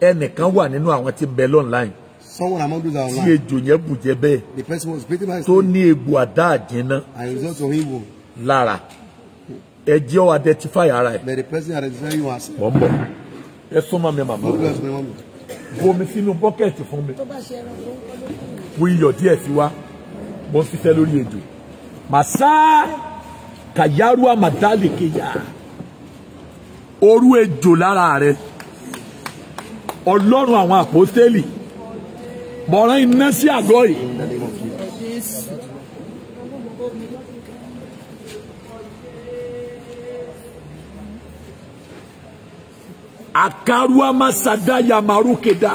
ẹnìkan wà nínú àwọn tí bẹ online. someone among those online. tí ejò yẹn bùjẹ bẹ́ẹ̀. the person was bitten by. tó ní egbò àdá àjẹná. and it was also evil. lára ẹ jẹ́ ọ identify ara ẹ. but the person identify you as. wọ́n bọ̀ ẹ súnmọ́ mi màmá. wọ́n bọ̀ ẹ súnmọ́ mi màmá. bomi sínú bọ́kẹ̀tì fún mi. tó bá ṣe ẹran tó ń kọ́ lókè. wọ́n iyọ̀ díẹ̀ sí wa mo ń ṣiṣẹ́ lórí ejò. màsá kàyárùá màdálì kìyà orú ejò lára rẹ̀. ọlọ́run àwọn àpọ́stélì mọ̀ràn iná sí àgọ́ yìí. akarua masada yamarukeda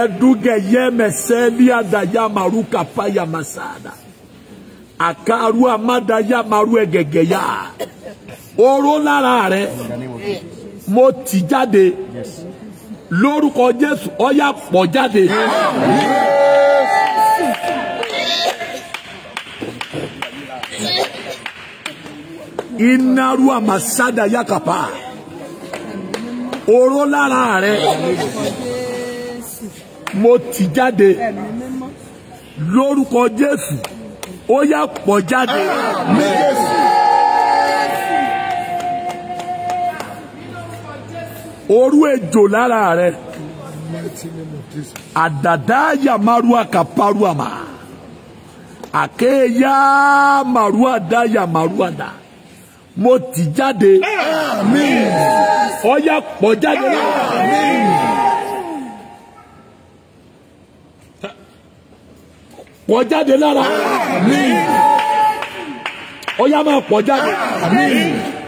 eduge yemeseli ada yamaruka pa yamasada akarua mada yamaru egege ya oró lara rẹ mo tì jáde. Yes. lórúkọ Jésù ọyà pọ̀ jáde. iná ru àmàsádà yakapa oró lára rẹ mo ti jáde lórúkọ Jésù ó yà pọ̀ jáde. Amen. Amen. orú ejò lára rẹ ya yà márùá kà párùá mà ya márùá dá yà márùá dá mo ti jáde àmín ọyà pọ̀ jáde àmín. jáde lára ọyà máa pọ̀ jáde àmín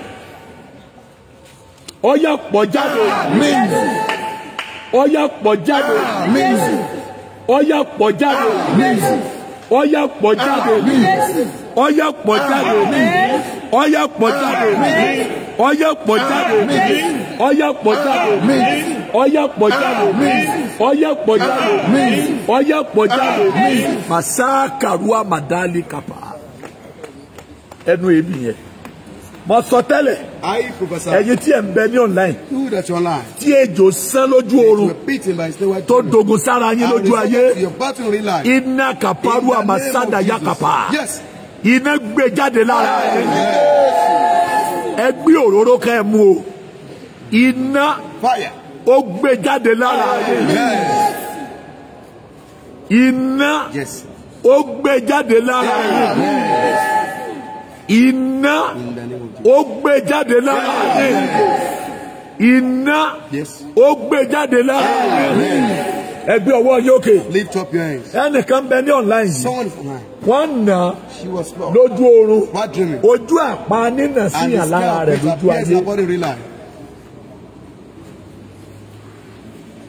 ọyà pọ̀ jáde mímì ọyà pọ̀ jáde mímì ọyà pọ̀ jáde mímì ọyà pọ̀ jáde mímì ọyà pọ̀ jáde mímì ọyà pọ̀ jáde mímì ọyà pọ̀ jáde mímì ọyà pọ̀ jáde mímì ọyà pọ̀ madali mímì ọyà ẹnu èmi yẹn mo sọ tẹ́lẹ̀ ẹ̀yin tí ẹ̀ ń bẹ ní online tí ejò sán lójú oorun tó dogun sára yín lójú ayé iná kàparu àmàsádà yá kàpà iná gbé jáde lára yín ẹ gbé òróró ká ẹ mú o iná ó gbé jáde lára yín iná ó gbé jáde lára iná ó gbé jáde lára rẹ iná ó gbé jáde lára rẹ ẹgbẹ́ ọwọ́ yókè ẹnìkan bẹ ní online yìí wọ́n nà lójú oorun ojú àpá nínà síyàn lára rẹ̀ lójú ayé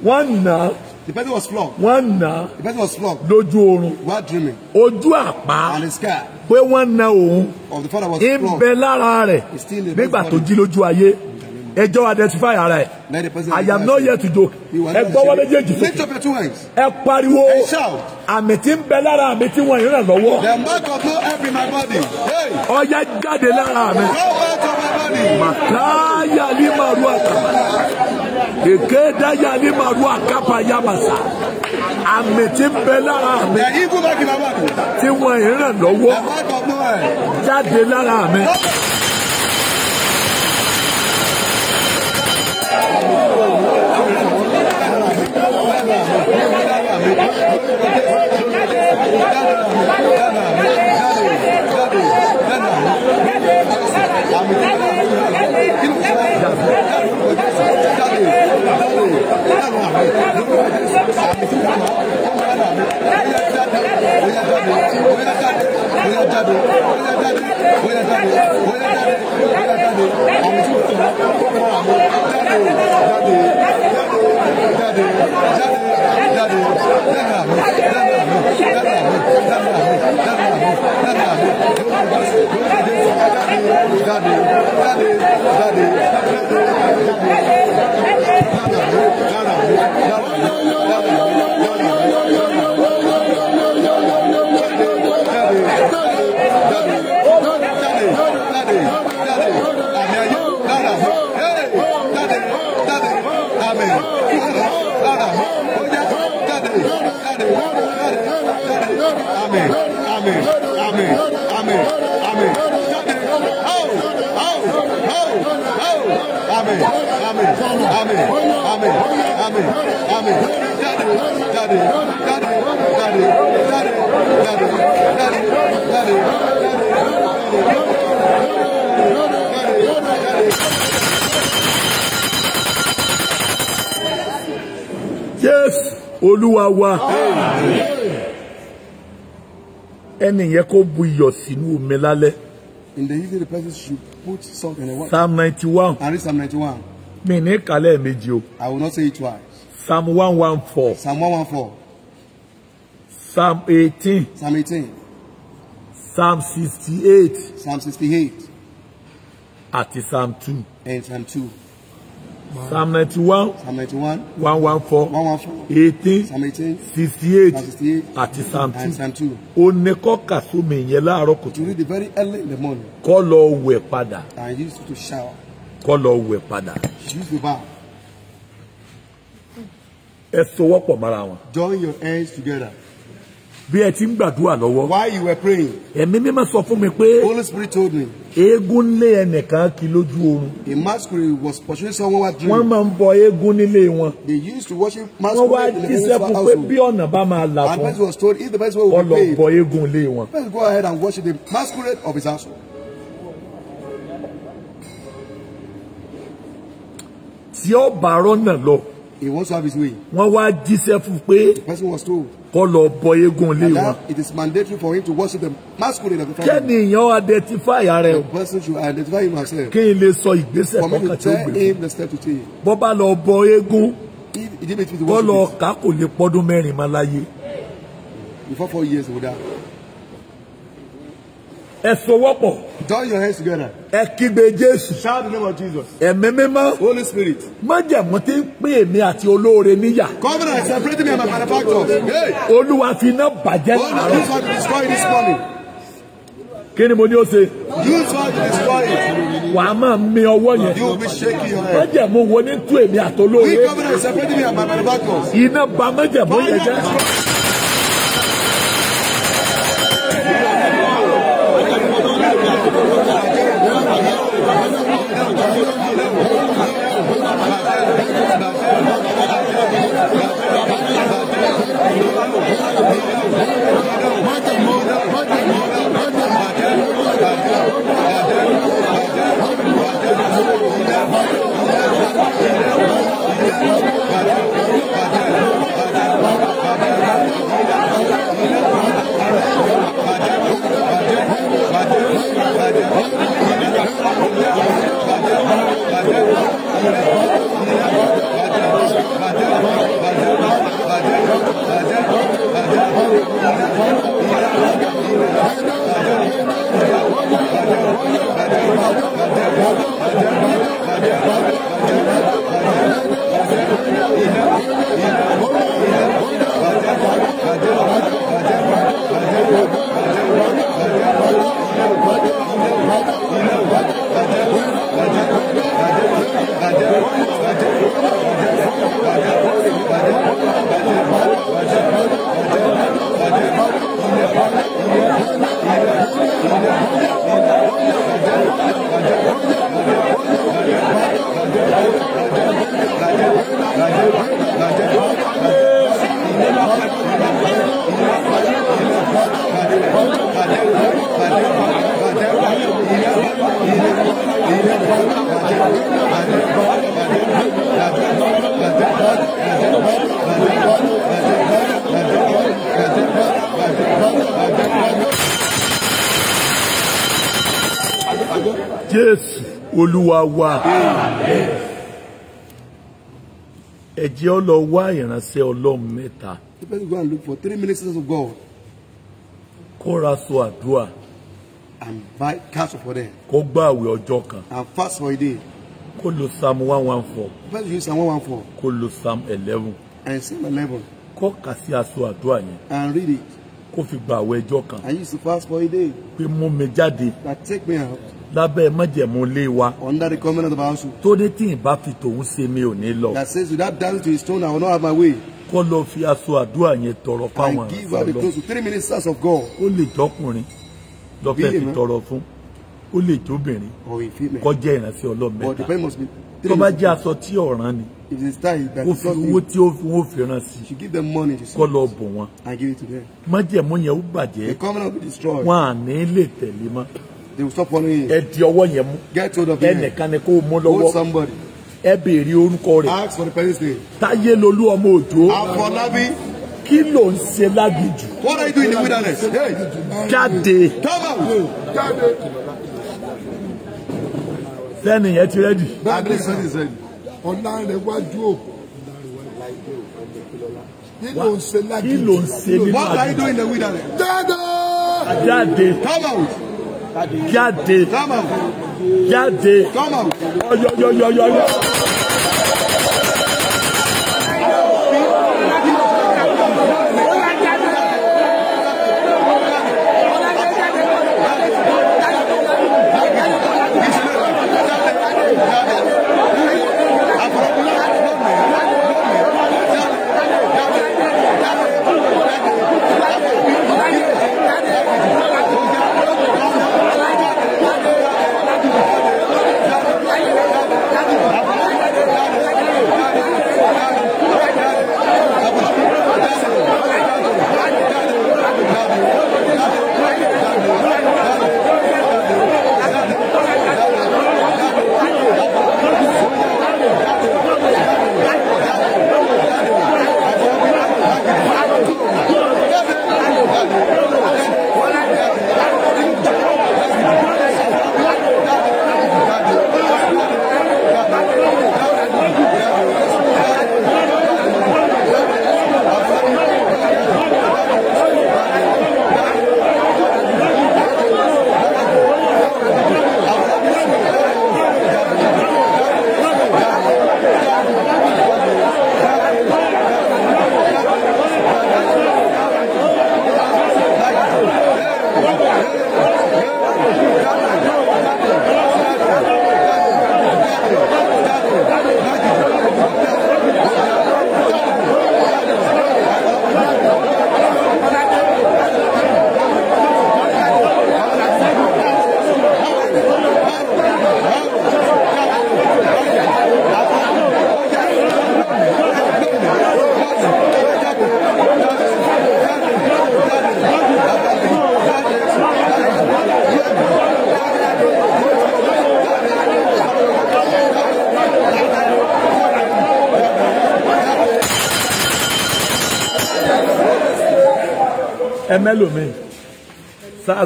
wọ́n nà. The person was flogged. Wọ́n nà. The person was flogged. Lójú oorun. While dreaming. Ojú àpá. And his scar. Pé wọ́n na òun. Of the father was flogged. Ibẹ̀ lára rẹ̀. He still in the Nígbà tó jí lójú ayé. Ẹjọ́ identify ara ẹ̀. Let the person I am not yet to joke. Ẹ gbọ́wọ́ méjèèjì sókè. Lift up your two hands. Ẹ pariwo. Ẹ shout. Àmì tí ń bẹ lára àmì tí wọ́n yìí ràn lọ́wọ́. The mark of no help in my body. Ọya jáde lára mi. No mark of my body. Màtáyà ní màrú àtàmà. Ekeda yani marua kapa yamasa. Àmì tí ń bẹ lára mi. Tí wọ́n ìrìn lọ́wọ́. Jáde lára mi. Thank you. jáde jáde jáde jáde jáde jáde. Amen. Amen. Amen. Amen. Amen. Oh, oh, oh, oh. Amen. Amen. Amen. Amen. Amen. Amen. Daddy, daddy, daddy, daddy, daddy, daddy, daddy, daddy, daddy. Yes, Olúwa wa. Amen ẹni yẹn kó bu iyọ̀ sínú omi lálẹ́. in the evening the person should put salt in the water. psalm ninety one. and read psalm ninety one. mi ní kálẹ̀ méjì o. I will not say it twice. psalm one one four. psalm one one four. psalm eighteen. psalm eighteen. psalm sixty eight. psalm sixty eight. àti psalm two. and psalm two. Psalm 91, Psalm 91, 114, 114 18, Psalm 18, 68, 68 àti Psalm 2. And Psalm 2. O ní kọ́ kà yẹn láàárọ̀ kùtù. You read it very early in the morning. Kọ́ lọ wẹ̀ padà. And use it to shower. Kọ́ lọ wẹ̀ padà. Use the bath. Ẹ sowọ́pọ̀ mọ́ra wọn. Join your hands together bí ẹ ti ń gbàdúrà lọ́wọ́. while you were praying. ẹ̀mí mímọ́ sọ fún mi pé. holy spirit told me. eégún lé ẹnìkan kì lójú oorun. a masquerade was pursuing someone while dreaming. wọ́n máa ń bọ eégún nílé wọn. they used to worship masquerade in the minister household. wọ́n wá jíṣẹ́ fún pé bí ọ̀nà bá máa là fún. and the person was told if the person will we paid. ọlọ bọ eégún lé wọn. person go ahead and worship the masquerade of his household. tí ó bá rọ́nà lọ he wants to have his way. wọ́n wá jíṣẹ́ fún pé. the person was told. kọ́ lọ bọ eégún ilé wọn. it is mandatory for him to worship the masquerade of the family. kẹ́ni ìyàn identify rẹ the person should identify him herself. kí n lè sọ ìgbésẹ̀ kọ́kàn tí ó gbé. for me to tell him the step to take. bọ́ bá lọ bọ eégún. kọ́ lọ ká kò lè pọ́dún mẹ́rin máa láyé. before four years he would Ẹ sowọ́pọ̀. Join your hands together. Ẹ kígbe Jésù. Shout the name of Jesus. Ẹ̀mí mímọ́. Holy spirit. Májẹ̀mú tí ń pín èmi àti olóore níyà. Covenant separating me and my manufacturer. Olúwa fi iná bàjẹ́ láàárọ̀. Olúwa use fire to destroy this morning. Kí ni mo ní o ṣe? Use fire to destroy it. Wàá máa mi ọwọ́ yẹn. You will be shaking your head. Májẹ̀mú wo ni tú èmi àti olóore? We covenant separating me and my manufacturer. Iná bà májẹ̀mú yẹn jẹ́. wa ẹ jẹ́ ó lọ wá ìránṣẹ́ Ọlọ́run mẹ́ta. go and look for three ministers of God. kóra sọ àdúrà. and buy cash for them. kó gbààwẹ̀ ọjọ́ kan. and fast for a day. kó lo psalm one one four. psalm one one four. kó lo psalm eleven. and psalm eleven. kó kà sí aṣọ àdúrà yẹn. and read it. kó fi gbààwẹ̀ ọjọ́ kan. and fast for a day. pé mú mi jáde. take me out lábẹ́ májẹ̀mú ilé wa. under the covenant of the house. tó dé tí ìbá fi tòun ṣe mi ò ní lọ. that says without dancing to his stone I will not have my way. kọ́ lọ fi aṣọ àdúrà yẹn tọrọ fáwọn àṣà lọ. I give her the close to three ministers of God. ó lè jọkùnrin lọ́fẹ́ fi tọrọ fún ó lè jóbìnrin kọjá ìránṣẹ́ ọlọ́mẹ́ta tó bá jẹ́ aṣọ tí ọ̀ràn ni ó fi owó tí wọ́n fi ràn sí kọ́ lọ bọ̀ wọn májẹ̀mú yẹn ó bàjẹ́ wọn à ní lè tẹ̀lé mọ́ they will stop following you. ẹ di ọwọ́ yẹn mú. get hold of him. ẹnìkan ni kó mú lọ́wọ́. hold somebody. ẹ béèrè orúkọ rẹ̀. ask for the person's name. táyé lolú ọmọ òjò. àfọlábí. kí ló ń ṣe lágbèjì. what are you doing in the wilderness. jáde. jáde. lẹ́nu yẹn ti rẹ́dì. bẹ́ẹ̀ ni sẹ́ni sẹ́ni. ọ̀la rẹ̀ wájú o. kí ló ń ṣe lágbèjì. what are you doing in the wilderness. jáde. jáde. come out. Oh jáde jáde ọyọyọyọyọ.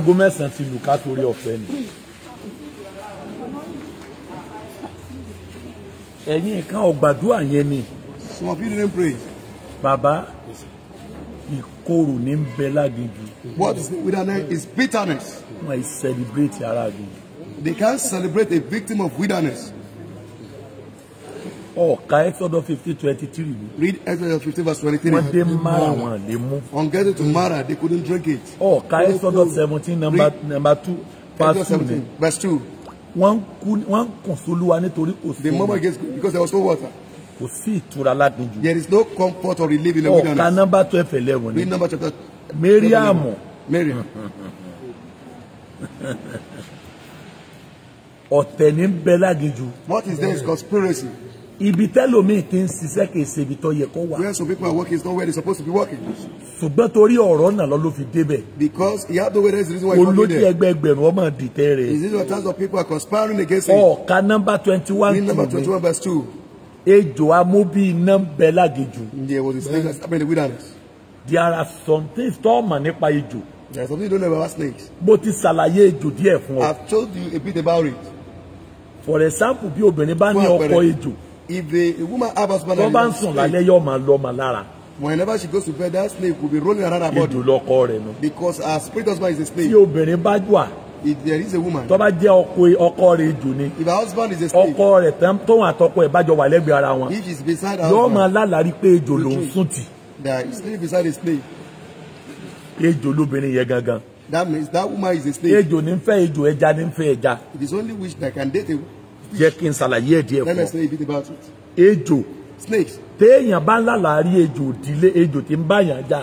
aago mẹ́sàn-án ti lù ká torí ọ̀fẹ́ ni. ẹ̀yin kan ọ̀gbàdúrà yẹn ni. some of you didn't pray. bàbá ìkorò ní ń bẹ lágbègbè. what is with an is bitterness. wọ́n ì celebrate ara àgbègbè. they can celebrate a victim of wilderness ọ̀ka Exodus fifty twenty three. read Exodus fifty verse twenty three. wọ́n dé mara wọn lè mú. on getting to mara they couldn't drink it. ọ̀ka Exodus seventeen number number two verse two ni. verse two. wọ́n kú wọ́n kùn sólúwa nítorí kò sí. the murmur against because there was no water. kò sí ìtura ládùnjù. there is no comfort or relief in the wilderness. ọ̀ka number twelve eleven ni. read number chapter. mariam. mariam. ọ̀tẹ̀ ní bẹ́ẹ̀ láginjù. what is there is conspiracy ibi tẹ́lòmíì ti ń ṣiṣẹ́ kì í ṣe ibi tó yẹ kó wà. where some people are working is not where they supposed to be working. ṣùgbọ́n torí ọ̀rọ̀ náà lọ ló fi débẹ̀. because he had no way that's the reason why he come there. olójú ẹgbẹ́ ẹgbẹ̀rún ọmọ dìtẹ́ rẹ̀. is this what thousands of people are conspiring against him. ọ̀ka number twenty one two. ní twenty one verse two. ejò amóbí iná ń bẹ lágejù. there was a snake that happened in the wilderness. there are some things tó mọ̀ nípa ejò. there are some things you don't know about snakes. mo ti ṣàlàyé ejò díẹ̀ fún ọ. I have told you a bit about it. for example bí obìnrin bá ní ọkọ ejò. If a, a woman have husband and bá ń sùn lálẹ́ yóò máa lọ ọmọ lára. Whenever she goes to bed, that snake will be rolling around her body. Ìdùn lọkọ rẹ̀ nù. Because her spirit husband is a snake. Tí obìnrin bá wà. If there is a woman. Tó bá jẹ́ ọkọ ọkọ rẹ̀ jù ni. If her husband is a snake. Ọkọ rẹ̀ tán tóun àtọkọ ẹ̀ bá wà lẹ́gbẹ̀ẹ́ ara wọn. If she beside her husband. Yóò máa lálàrí pé ejò ló ń sùn tì. That is snake beside a snake. Ejò lóbìnrin yẹn gangan. That means that woman is a snake. Ejò ní fẹ́ ejò, ẹja ní fẹ́ ẹja. It is only which that can date a jẹ́ kí n ṣàlàyé ẹ̀ díẹ̀ fún ọ ejò téèyàn bá ń lálàárí ejò ìdílé ejò tí ń báyàn jà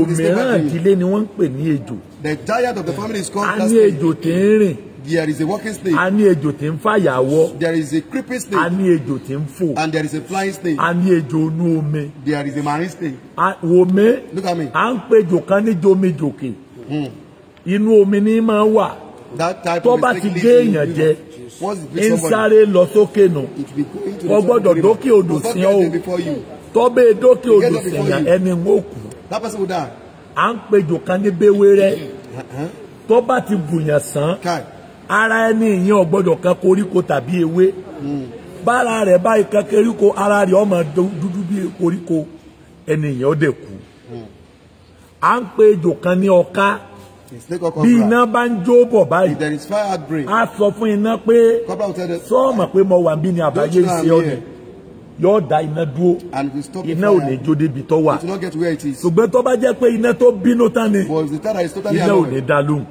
òmíràn ìdílé ni wọ́n ń pè ní ejò a ní ejò tí ń rìn there is a walking snake. a ní ejò tí ń fàyàwọ́. there is a creeping snake. a ní ejò tí ń fò. and there is a flying snake. a ní ejò inú omi. there is a marine snake. a look at me. à ń pe ejò kan ní jomijòkè. Hmm. inú omi ni máa wà. that type of snake tó bá ti gé èèyàn jẹ ń sáré lọ sókè nù wọ́n gbọ́dọ̀ dókè odò sí ọ́ o tọ́bẹ̀ e dókè odò sí ẹ̀ ẹni ń òkú à ń pejò kan ní béwérẹ́ uh-huh. tó ti gùnyàn sàn ara ẹni ìyẹn ò gbọ́dọ̀ kan koríko tàbí ewé hmm. bára rẹ̀ báyìí kan koríko ara rẹ̀ ọmọ dúdú bí koríko ẹni ìyẹn ó dẹ̀ kú hmm. à ń pejò kan ní ọká bí iná bá ń jó bọ̀ báyìí a sọ fún iná pé sọ́ọ̀mọ̀ pé mo wà bí ni àbáyé ń ṣe ọ́ ni yóò da iná dúró iná ò lè jó débi tó wà ṣùgbọ́n tó bá jẹ́ pé iná tó bínú tán ni iná ò lè dá lóhùn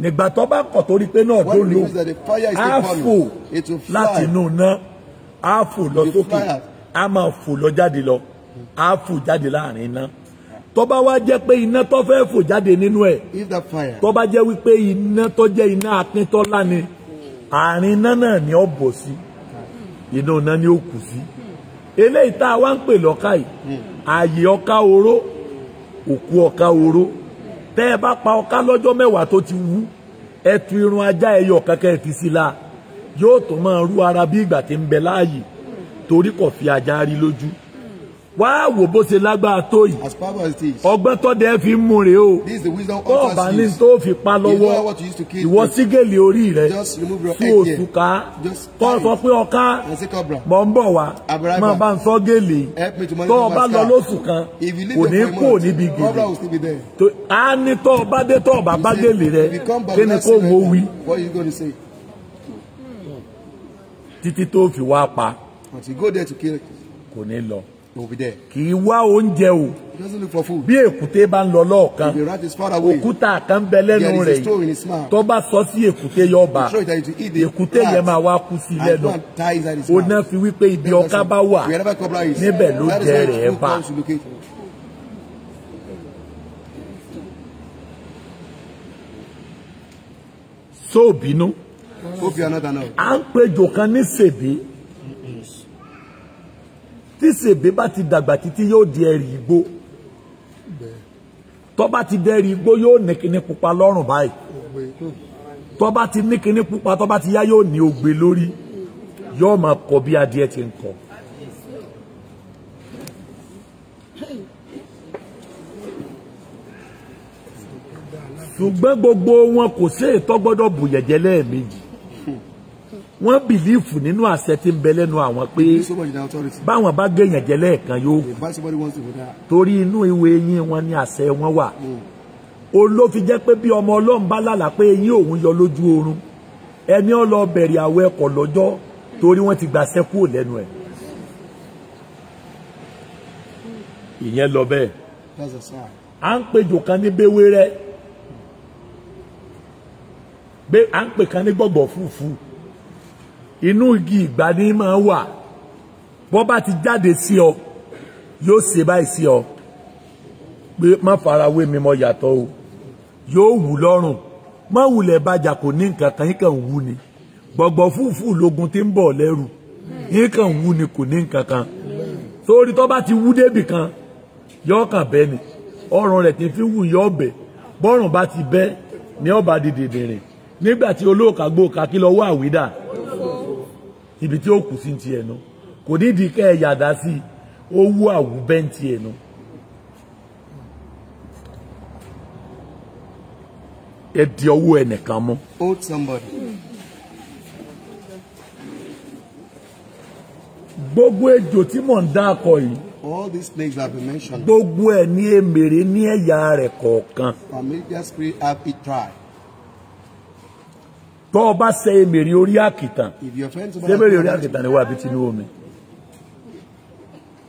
nígbà tó bá kọ̀ torí pé náà dó lóhùn á fò láti inú iná á fò lọ sókè á máa fò lọ jáde lọ á fò jáde láàrin iná tó bá wá jẹ́ pé iná tó fẹ́ fò jáde nínú ẹ̀ tó bá wípé iná tó jẹ́ iná akíntọ́lá ni àárín iná náà ni ó bọ̀ sí iná iná ni ó kù sí eléyìí tá a wá ń pè lọ́ka yìí ààyè ọ̀ka oró òkú ọ̀ka oró tẹ́ ẹ bá pa ọ̀ka lọ́jọ́ mẹ́wàá tó ti wú ẹ irun ajá ẹyọ kankan ẹ ti sí la yóò tó máa rú ara bí ìgbà tí ń bẹ láàyè torí kò fi ajá rí lójú wá wò bó ṣe lágbára tó yìí. as powerful as it is. ọgbọ́n tó dẹ́ fi ń mú rè o. this is the wisdom of our bá ní tó fi pa lọ́wọ́ ìwọ sígèlè orí rẹ fún oṣù ká kọ́ sọ pé ọká mọ̀ ń bọ̀ wá máa bá ń sọ gèlè tó o bá lọ lóṣù kan kò ní kó níbi gèlè á ní tó o bá dé tó o bá bá gèlè rẹ kí ni kò mọ̀ wí títí tó fi wá pa kò ní lọ will be kì í wá oúnjẹ o. he doesn't look for food. bí èkúté bá ń lọ lọ́ọ̀kan. the away. òkúta kan bẹ lẹ́nu rẹ̀. there a stone in his mouth. tó bá sọ sí èkúté yóò he show it eat the rat. èkúté yẹn máa wá kú sí lẹ́nu. tie inside his mouth. o náà fi wípé ibi ọká bá wà. níbẹ̀ ló jẹ rẹ̀ ẹ bá. so hope you are not an old. à ń pejò kan ní sèbí tí sèbé bá ti dàgbà títí yóò di ẹrì igbó tó bá ti dẹrì igbó yóò ní kíní pupa lọ́rùn báyìí tó bá ti ní kíní pupa tó bá ti yá yóò ní ògbé lórí yóò máa kọ bí adìẹ ti ń kọ. ṣùgbọ́n gbogbo wọn kò sí ètò gbọ́dọ̀ bù lẹ́ẹ̀mejì wọ́n bìlífù nínú àṣẹ tí ń bẹ lẹ́nu àwọn pé báwọn bá gẹ̀yàn jẹ lẹ́ẹ̀kan yóò torí inú ìwé eyín wọn ni àṣẹ wọn wà hmm. olófi jẹ́ pé bí ọmọ ọlọ́run bá lálàá pé eyín òun yọ lójú oorun ẹni ó lọ bẹ̀rẹ̀ àwẹ̀ ẹ̀kọ́ lọ́jọ́ torí wọ́n ti gbàṣẹ kúrò lẹ́nu ẹ̀ ìyẹn lọ bẹ́ẹ̀ à ń pejò kan ní béwérẹ́ à ń pè kan ní gbọ̀gbọ̀ fúfú inú igi ìgbani máa wà bọ́ bá ti jáde sí ọ yóò ṣe báyìí sí ọ pé má fara wé mi mọ yàtọ̀ o yóò wù lọ́rùn má wulẹ̀ bàjà kò ní nǹkan kan yín kàn wù ni gbọ̀gbọ̀ fúfú lógun tí ń bọ̀ lẹ́rù yín kàn wù ni kò ní nǹkan kan torí tó bá ti wú débì kan yóò kàn bẹ́ ni ọrùn rẹ̀ tí fi wù yóò bẹ̀ bọ́rùn bá ti bẹ́ ni ọba dìde dìrìn nígbà tí olóòkà gbóòkà kí lọ wá àwídà ibi tí ó kù sí ti ẹnu kò nídìí kẹ́ ẹ̀ yàdá sí i ó wú àwùbẹ́ǹtì ẹnu. ẹ di ọwọ́ ẹnìkan mú. hold somebody. gbogbo ejò tí mò ń dá akọ yìí. all these plagues have been mentioned. gbogbo ẹ̀ ní èmèrè ní ẹ̀yà rẹ̀ kọ̀ọ̀kan. familiar spirit have it tried tó o bá ṣe èmèrè orí àkìtàn sẹ́mẹ̀rẹ̀ orí àkìtàn ni wà bí tinú omi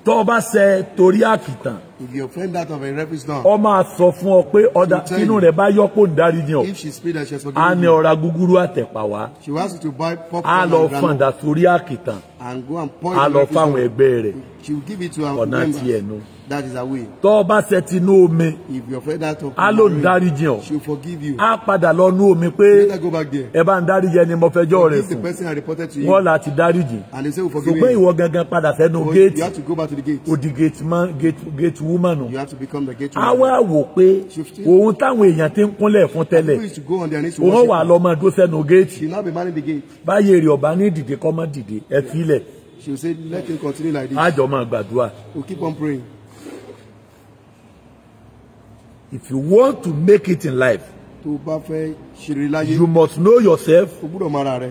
tó o bá ṣe torí àkìtàn ọ máa sọ fún ọ pé ọ̀dà inú rẹ̀ bá yọ kó dáríjì ọ á ní ọ̀rá gúgúrú àtẹ̀pà wá á lọ fàǹdà torí àkìtàn and go and point a lọ fáwọn ẹgbẹ́ rẹ̀ she will give it to her ọ̀nà tiẹ̀ nu that is her way tọ́ ọ bá ṣe ti inú omi if your friend that talk a ló ń dáríjì ọ she will forgive you a padà lọ nú omi pé ẹ bá ń dáríjì ẹni mo fẹjọ́ rẹ̀ sùn wọ́n là ti dáríjì oh, ṣùgbọ́n ìwọ gangan padà sẹ́nu gate odi gate man gate gate woman o a wá wò pé òun táwọn èèyàn ti ń kúnlẹ̀ fún tẹ́lẹ̀ òun wà lọ́mọdún sẹ́nu gate báyìí èrè ọ̀bá ní dìde kọ́mọ́ dìde ẹ fi ilẹ̀ she say let him continue like this. àjọ máa gbàdúrà. we keep on praying. if you want to make it in life. tó o bá fẹ́ ṣeré láyé. you must know yourself. o gbúdọ̀ mọ ara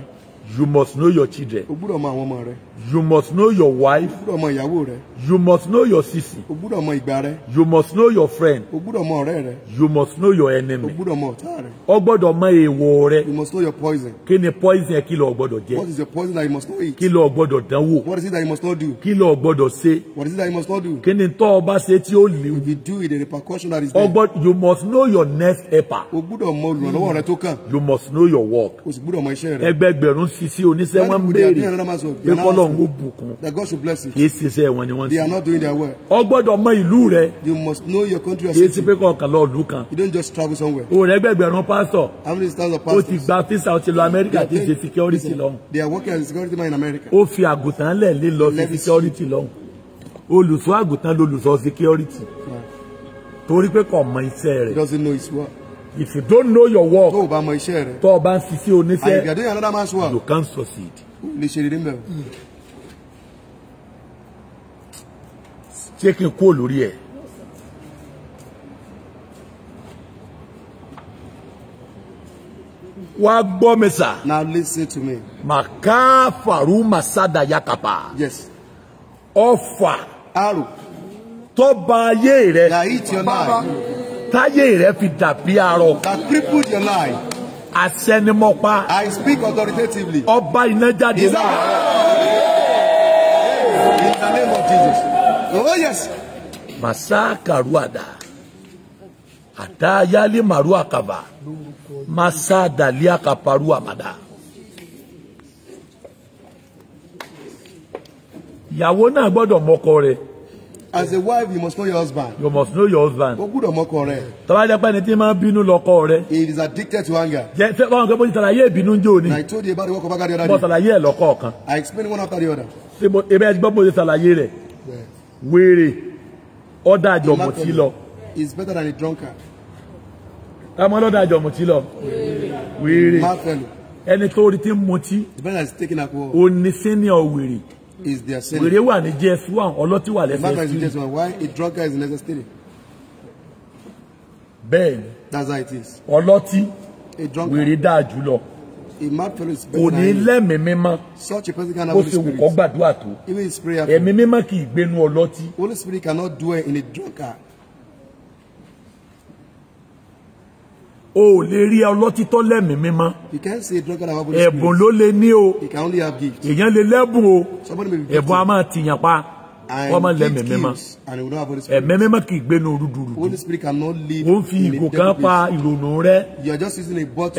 you must know your children. o gbúdọ̀ mọ àwọn ọmọ You must know your wife. O gbúdọ̀ mọ ìyàwó rẹ. You must know your sisi. O gbúdọ̀ mọ ìgbà rẹ. You must know your friend. O gbúdọ̀ mọ ọ̀rẹ́ rẹ. You must know your enemy. O gbúdọ̀ mọ ọ̀tá rẹ. O gbọ́dọ̀ mọ èèwọ̀ rẹ. You must know your poison. Kí ni poison yẹn kí ló gbọ́dọ̀ jẹ? What is the poison that you must not eat? Kí ló gbọ́dọ̀ dánwò? What is it that you must not do? Kí ló gbọ́dọ̀ ṣe? What is it that you must not do? Kí ni tọ́ ọ bá ṣe tí ó léwu? If you do it, the repercussion that is there. Ọgbọ́n you must know your next helper. O gbúdọ̀ mọ olùrànlọ́wọ́ rẹ tó kàn. You must know your work. O sì gbúdọ̀ mọ iṣẹ́ rẹ. Ẹgbẹgbẹ̀rún sisi oníṣẹ́ wọn béèrè. Bẹ́ẹ̀ Ọlọ́run ó bùkún. that God should bless you. kì í ṣiṣẹ́ wọn ni wọ́n ti. they are not doing their work. o gbọ́dọ̀ mọ ìlú rẹ. you must know your country or city. kì í ṣe pé kọ́ ọ̀kan lọ ìlú kan. you don't just travel somewhere. o rẹ gbẹgbẹrún pastor. how many stars of pastors. o ti gba visa o ti lọ Amẹ́ríkà ti ṣe security lọ́hùn. they are working as a security man in America. o fi àgùntàn lẹ̀ lé lọ sí security lọ́hùn. olùṣọ́ àgùntàn lolùṣọ́ security. torí pé kò mọ iṣẹ́ rẹ̀. he doesn't know his work. If you don't know your work, tó o bá mọ iṣẹ́ rẹ, tó o bá ń sisi oníṣẹ́, and if another man's work, you can't succeed. Lè ṣe rere mbẹ́ ṣé kí n kúrò lórí ẹ̀. wá gbọ́ mi now listen to me. màkà faru masada yakapa. yes. ọfà. arò. tọ́ba ayé rẹ̀. eat your life. táyé rẹ̀ fi dàbí arọ. that crippled your life. àṣẹnimọ́pa. I speak authoritatively. ọba iná jáde náà. in the name of Jesus. Oh, yes. Masaka Ruada. Atayali Marua Kava. Masa Dalia Kaparua Mada. Ìyàwó náà gbọ́dọ̀ mọ́kọ rẹ̀. As a wife, you must know your husband. You must know your husband. Ó gbúdọ̀ mọ́kọ rẹ̀. To jẹ́ pé ẹni tí máa ń bínú lọ́kọ rẹ̀. He is addicted to anger. Jẹ́ ṣé báwọn kẹ́ bó ti ṣàlàyé ìbínú ń jó ni. I told you about the work of anger other day. Mo ṣàlàyé ẹ̀ lọ́kọ̀ọ̀kan. I explain one after the other. Ṣé mo ebe ẹgbẹ́ mo ti ṣàlàyé rẹ̀ wèrè ọ̀dà àjọmọ̀tí lọ. is better than a drunkard. ta mọ́ lọ́dà àjọmọ̀tí lọ. wèrè ẹni tó rí tí ń mutí. the man is taking alcohol. o ní senior wèrè. is their senior. wèrè wà ní js one ọlọ́tí wà lẹ́sẹ̀ sí. mama is in js one why a drunkard is necessary? lẹ́sẹ̀ bẹ́ẹ̀ni. that's how it is. ọlọ́tí wèrè dáa jùlọ kò ní lẹ́mìí mímọ́ ó ṣe wù kó gbàdúrà tó ẹ̀mí mímọ́ kì í gbénu ọlọ́tí. o ò lè rí ọlọ́títọ́ lẹ́mìí mímọ́. you can't say drunkard and alcoholic spirit. ẹ̀bùn ló lè ní o. he can only have gifts. èèyàn lè lẹ́bùn o. somebody may be gifted. ẹ̀bùn a máa tìyàn pa. And wọ́n máa lẹ mẹ̀mẹ́má ẹ̀ mẹ̀mẹ́má kì í gbénu rúdurùdu ó ń fi ìgò kan pa ìrònú rẹ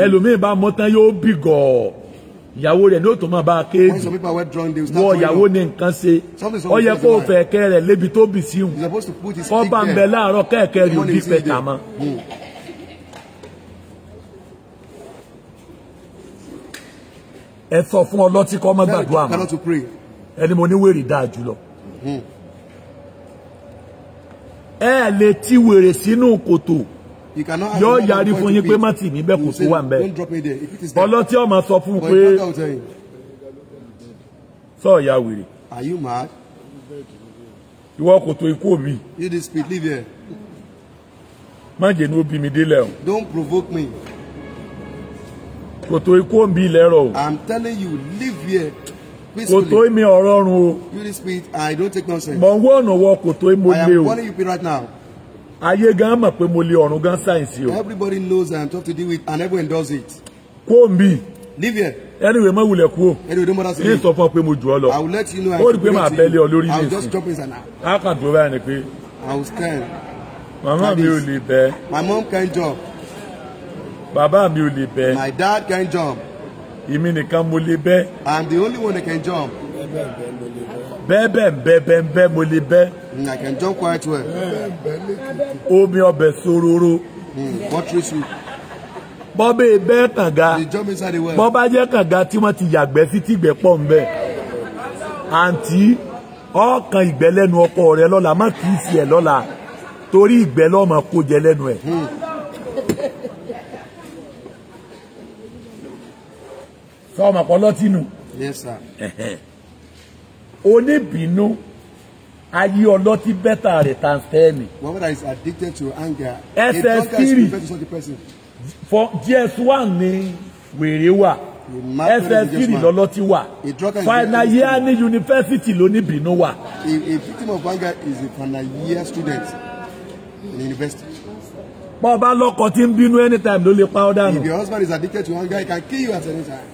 ẹlòmíín bá mọ́tán yóò bì gọ̀ọ́ ìyàwó rẹ̀ ní òtún máa bá a kéèdì wọ ìyàwó ní nǹkan ṣe ó yẹ kó o fẹ̀ kẹ́ rẹ̀ lébi tó bì sí hùn kọ́ bá ń bẹ láàárọ̀ kẹ́ẹ̀kẹ́ rẹ̀ òbí pẹ̀tà mọ́. ẹ sọ fún ọlọ́tí kọ́ mọ́ gbàdúrà mọ́ ẹni mo ní wèrè dáa jùlọ. Hmm. ẹ lè ti wèrè sínú kòtò yóò yarí fún yín pé má tì mí bẹ́ẹ̀ kò tó wà nbẹ ọlọ́tí ọmọ sọ fún un pé sọ ya wèrè ìwọ kòtò ikú mi má jẹ́ ní ó bí mi délẹ̀ o. don't provoke me. kòtò ikú mi lẹ́rọ̀ o. i'm telling you live here kòtò ìmí ọ̀rọ̀ ọ̀run o. you this I don't take nonsense. mọ̀ ń ọ̀nà wọ kòtò ìmọ̀ lé o. I am calling you right now. ayé gan mọ̀ pé mo lè ọ̀run gan sáyẹ̀nsì o. everybody knows I am tough to deal with and everyone does it. kó n bì. live here. anyway má wulẹ̀ kú o. anyway don't bother me. yín sọ fún ọ pé mo jù ọ lọ. I will let you know I will be ó rí pé màá bẹ́lẹ̀ ọ lórí mi sí. I will just drop inside now. a kàn dúró I will stand. mi ò lè bẹ́ẹ̀. my mom can jump. bàbá mi ò lè bẹ́ẹ̀. my dad can jump. èmi nìkan mo lè bẹ and the only one that can jump. mo bẹ́. Hmm, I can jump quite well. omi ọbẹ̀ sororo. country hmm, soup. bọ́bẹ̀ bẹ́ẹ̀ kànga bọ́bá jẹ́ kànga tí wọ́n ti yàgbẹ́ sí tìgbẹ́ pọ̀ ń àǹtí ọ̀kan ìgbẹ́ lẹ́nu ọkọ rẹ lọ́la má kìí sí lọ́la torí hmm. sọ́ọ̀mà pọ̀ lọ́tínú. Yes sir. oníbínú ayé ọlọ́tí bẹ́tà rẹ̀ times ten. one that is addicted to anger. ẹsẹ̀ sírì for gs one ni wèrè wà ẹsẹ̀ sírì lọ́lọ́tí wà final year ní yunifásitì lóníbínú wà. a victim of anger is a final year student in university bọ́ ọba lọ́kọ tí ń bínú anytime ló lè pa ọ́ dànù. if your husband is addicted to one he can kill you at any time.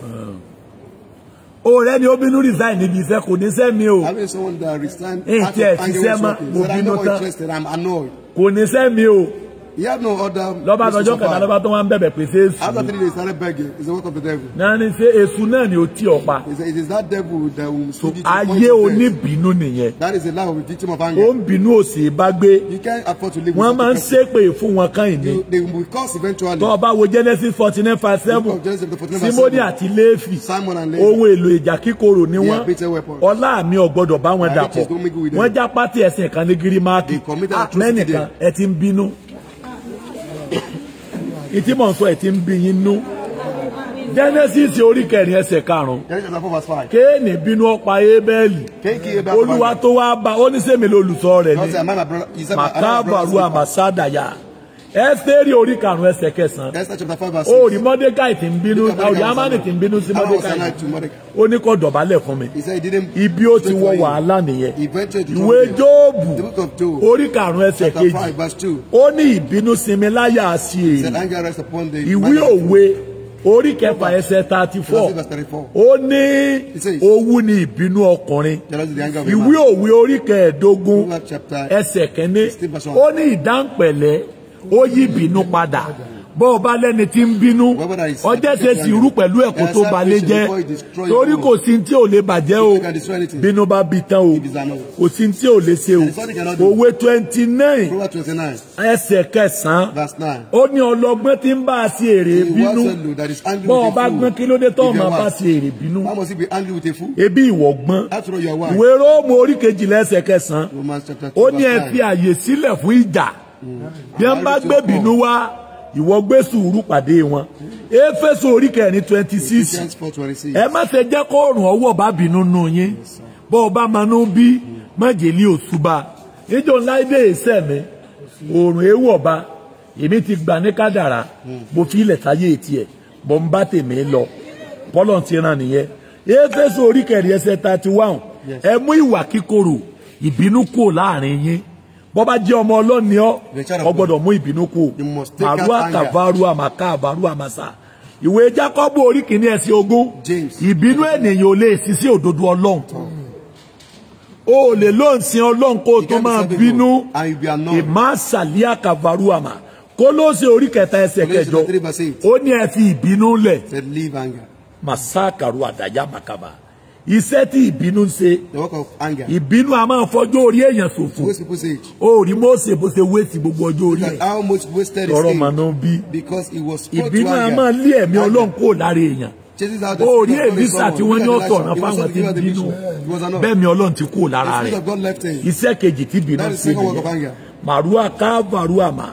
Oh, ọ̀rẹ́ ni ó bínú resign níbi iṣẹ́ kò ní sẹ́ mi o. having someone that resign. èyí tí ẹ ti sẹ́ ma mo bínú tán kò ní sẹ́ mi o. He had no order. Lọ́ba àtọ́jọ́ kẹta lọ́ba tó wá ń bẹ̀bẹ̀ pé ṣé èṣù. After three days started begging it's the work of the devil. Nani ṣe èṣù náà ni o tí ọ pa. It is that devil that will so see you to point your face. Ayé oníbínú nìyẹn. That is the life of a victim of anger. Ó ń bínú òsì ìbágbé. You can't afford to live with such a person. Wọ́n máa ń ṣépè fún wọn kan ìní. They will cause eventually. Tọ́ ọba wo Genesis forty nine verse seven. Simoni àti Léfì. Simon and Léfì. Ohun èlò ìjà kíkorò ni wọ́n. Ọlá mi ò gbọdọ̀ bá wọn dàpọ̀. Wọ́n já pátí ẹ̀sìn kan ní gírímáàkì. Ah, mẹ́nìkan ẹ ti ń bínú ìtí mò ń sọ ẹ̀ ti ń bí yín nú genesis orí kẹrin ẹsẹ̀ karùn-ún kéènì bínú ọpa ebeli olúwa tó wá bá ó ní sèmi lólùṣọ́ rẹ̀ ni màkàbàrú àmàsádàyà ẹsẹ̀rì orí karùn-ún ẹsẹ̀ kẹsàn-án ó rí mọ́dékàì tí ń bínú ó rí amáni tí ń bínú sí mọ́dékàì ó ní kó dọ̀bálẹ̀ fún mi ibi ó ti wọ wàhálà nìyẹn ìwé Jóòbù orí karùn-ún ẹsẹ̀ kejì ó ní ìbínú sinmi láyà sí èrè ìwé òwe orí kẹfà ẹsẹ̀ thirty four ó ní owú ni ìbínú ọkùnrin ìwé òwe orí kẹẹ̀ẹ́dógún ẹsẹ̀ kẹ́ni ó ní ìdáǹpẹ̀lẹ́ ó yí bínú padà bó o bá lẹ́ni tí ń bínú ọjọ́ ṣe sùúrù pẹ̀lú ẹ̀kọ́ tó ba lé jẹ́ torí kò sí tí ò lè bàjẹ́ o bínú bá bi tán o kò sí tí ò lè ṣe o òwe twenty nine ẹsẹ̀ kẹsàn-án ó ní ọlọ́gbọ́n tí ń bá a ṣe èrè bínú bó o bá gbọ́n kí ló dé tó máa bá ṣe èrè bínú ebi ìwọ gbọ́n ìwé róòmù oríkejì lẹ́sẹ̀ kẹsàn-án ó ní ẹ fi àyè sílẹ̀ fún ìjà. bí wọ́n bá gbé bínú wá ìwọ gbé sùúrù pàdé wọn éfésù orí kẹrin twenty six ẹ má ṣe jẹ́ kó bá bínú nù yín bó o bá manú bí májèlé òṣùbà níjọ ńlá ilé mi òrùn ewu ọba èmi ti gbà ní kádàrá mo fi ilẹ̀ sáyé tiẹ̀ ń bá tèmi lọ ti nìyẹn bọ́ bá jẹ́ ọmọ ọlọ́ni ọ́ ọ gbọ́dọ̀ mú ìbínú kú àrú àkàbárú àmàká àbárú àmàsà ìwé jákọ́bù orí kìíní ogún ìbínú ènìyàn ò lè sí òdodo ọlọ́run o ò lè ló ń sin ọlọ́run kó o tó máa bínú ìmásàlíà àkàbárú àmà kólóòsè orí kẹta ẹsẹ̀ kẹjọ ó ní ẹ fi ìbínú lẹ̀ màsáàkàrú àdáyà màkàbà iṣẹ́ tí ìbínú ń ṣe ìbínú a máa fọjọ́ orí èèyàn ṣòfò ó rí Mósè bó ṣe wéètì gbogbo ọjọ́ orí ẹ̀ tọrọ mà náà bí ìbínú a máa lé ẹ̀mí Ọlọ́run kó lára èèyàn ó rí èmísà tí wọ́n ní ọ̀tọ̀ ọ̀nà fáwọn tí ń bínú bẹ́ẹ̀ mi Ọlọ́run ti kó lára rẹ̀ iṣẹ́ kejì tí ìbínú ń ṣe nìyẹn màrúwà ká varúàmà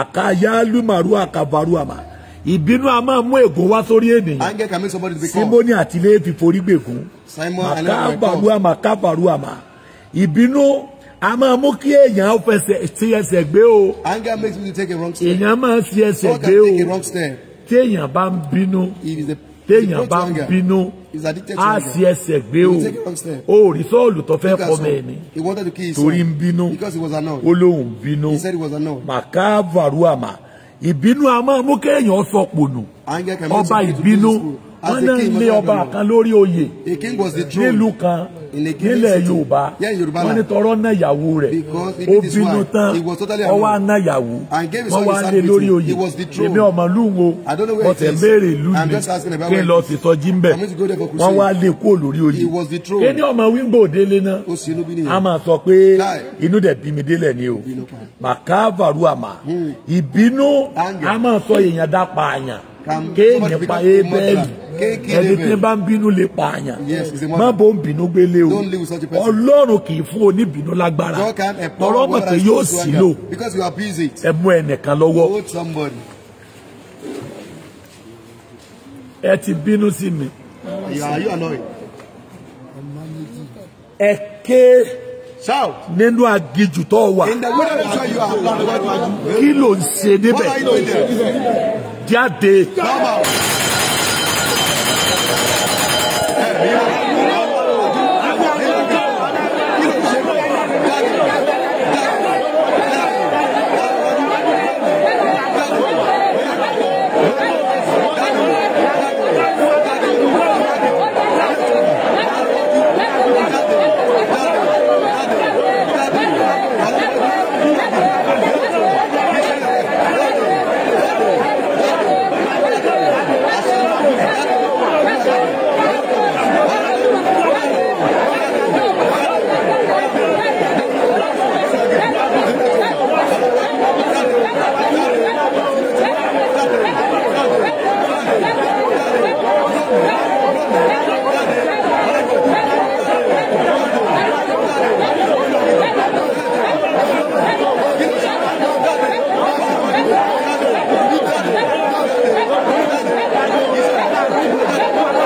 àkáyálú màrúwà ká varúàmà ìbínú a máa mú ègún wá sórí ènìyàn. anger can make somebody to be calm. simoni àti léèfì forí gbègún. simon and eleven were calm. màkàbàrú àmà kàbàrú àmà ìbínú a máa mú kí èèyàn fẹsẹ̀ ti ẹsẹ̀ gbé o. anger makes me to take a wrong step. èèyàn máa ń fi ẹsẹ̀ gbé o. God can take a wrong step. bá ń bínú. he is a téèyàn bá ń bínú á sí ẹsẹ̀ gbé o ó rí sọ́ọ̀lù tó fẹ́ kọ́ mẹ́ni torí ń bínú ó lóun bínú màkà varuama ìbínú a máa mú kéèyàn sọ pònù ọba ìbínú wọ́n náà lé ọba kan lórí oyè nílùú kan nílẹ̀ yorùbá wọ́n ní tọrọ náà yàwó rẹ̀ ó tán ó náà yàwó wọ́n wá lé lórí oyè èmi ọmọ lúwo ọ̀tẹ̀ ìlú kí n lọ tìtọ́jú ń wá lé kó lórí oyè ọmọ wíńgbò délé náà a máa sọ pé inú dẹ̀ bí mi délẹ̀ ni o ẹni tí bá ń bínú lè pààyàn má bò ń bínú gbélé o ọlọ́run kì í fún oníbínú lágbára tọrọ mọ̀ pé yóò sílò ẹ mú ẹnìkan lọ́wọ́ ẹ ti bínú sí mi ẹ ké nínú aginjù tó wà kí ló ń ṣe níbẹ̀ jáde. Yeah.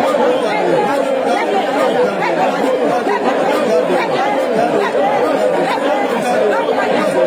Thank you.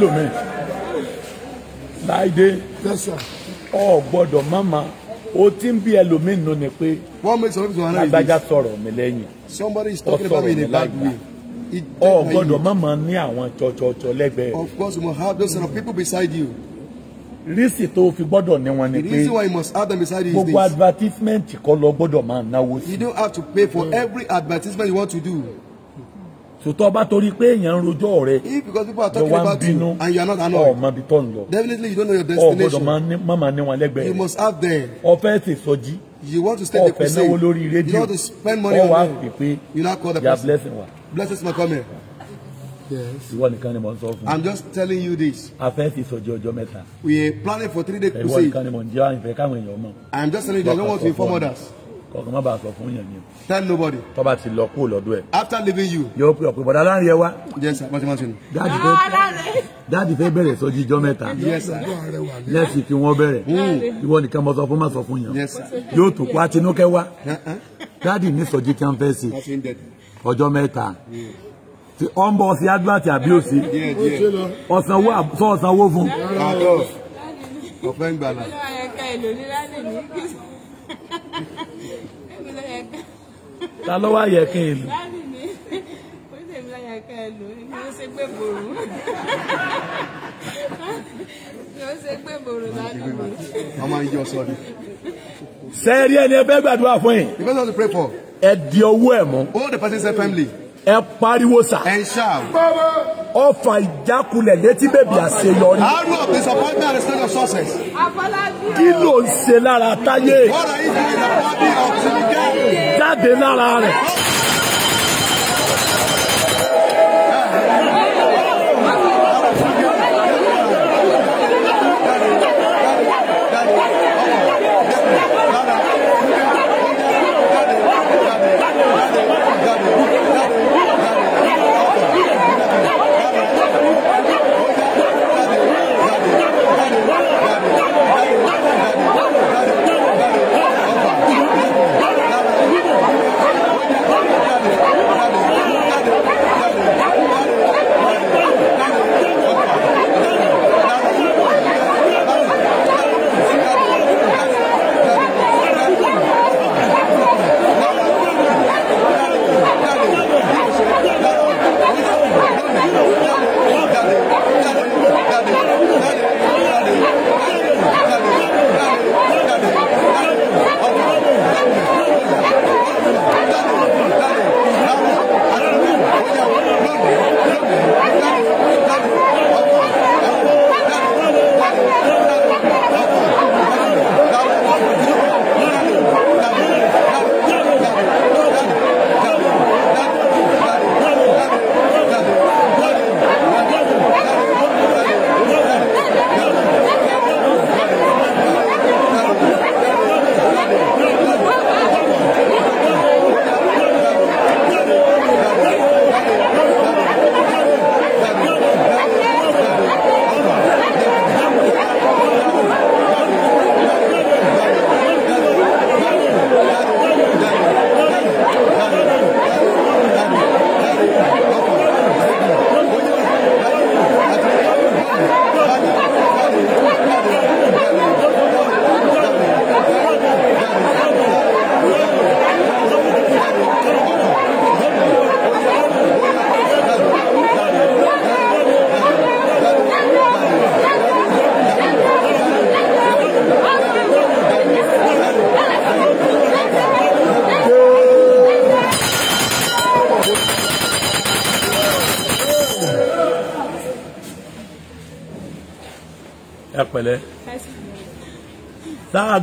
lẹ́lòmíì láìdé ọ gbọ́dọ̀ mama o ti ń bí ẹlòmíì nù ni pé lágbájá sọ̀rọ̀ mi lẹ́yìn ọ sọ̀rọ̀ mi láìgbà ọ gbọ́dọ̀ mama ní àwọn tsọtsọtsọ lẹ́gbẹ̀ẹ́. of course you must have those sort of people beside you. rísì tó fi gbọ́dọ̀ ní wọn ni pé gbogbo advertisement kọ́ lọ gbọ́dọ̀ máa náwó sí. you don't have to pay for mm. every advertisement you want to do so tó bá torí pé èèyàn ń rojọ́ rẹ lọ wá ń bínú ọmọ ibi tó ń lọ ọgbọdọ̀ máma ní wọn lẹ́gbẹ̀ẹ́ rẹ ọfẹ́ ti sọjí ọfẹ́ náwó lórí rédíò ọwọ́ àpè pé ya blessing wa. blessings ma come Yes. Ìwọ nìkan ni mo ń sọ fún. I'm just telling you this. A fẹ́ ti sọ̀jọ́ ọjọ́ mẹ́ta. We are planning for three day crusade. Ìwọ nìkan ni mo ń jẹ́ àyìnfẹ́ káwọn èèyàn mọ̀. I'm just telling you I don't want to inform others ọkàn má bàa sọ fún yàn ni. tell nobody. tọ́ba ti lọ kó lọ́dọ̀ ẹ̀. after leaving you. yóò pè ọ̀pẹ bọ̀dá láàrin ẹ wá. yes sir bọ́sẹ̀ máa ń sinmi. dáàdì fẹ́ ah, dáàdì fẹ́ bẹ̀rẹ̀ sọ́jí ijọ́ mẹ́ta. yes sir. lẹ́sìn kí wọ́n bẹ̀rẹ̀. ìwọ nìkan mọ̀ sọ fún má sọ fún yàn. yes sir. yóò tó kó atinúkẹ́ wá. Uh-huh. dáàdì ní sọ́jí kí wọ́n fẹ́ sí ọjọ́ mẹ́ta ti ọmọ ọsẹ adúláti àbí òsì ọsanwó àbúsọ ọsanwó fún. ọ̀fẹ́ ń gbàlà ta ló wá yẹ kí n lò. ọmọ ìjọ sọ ni. sẹ́ẹ̀rí ẹni ẹ fẹ́ gbàdúrà fún yìí. the person to pray for. ẹ di owó ẹ mọ́. all the person's family ẹ pariwo sà. ẹ ṣáà. ọfà ìjákulẹ̀ létí bèbí àṣeyọrí. how do you disappoint me at of success. kí ló ń ṣe lára táyé. what are you doing in the body of the game. jáde lára rẹ̀.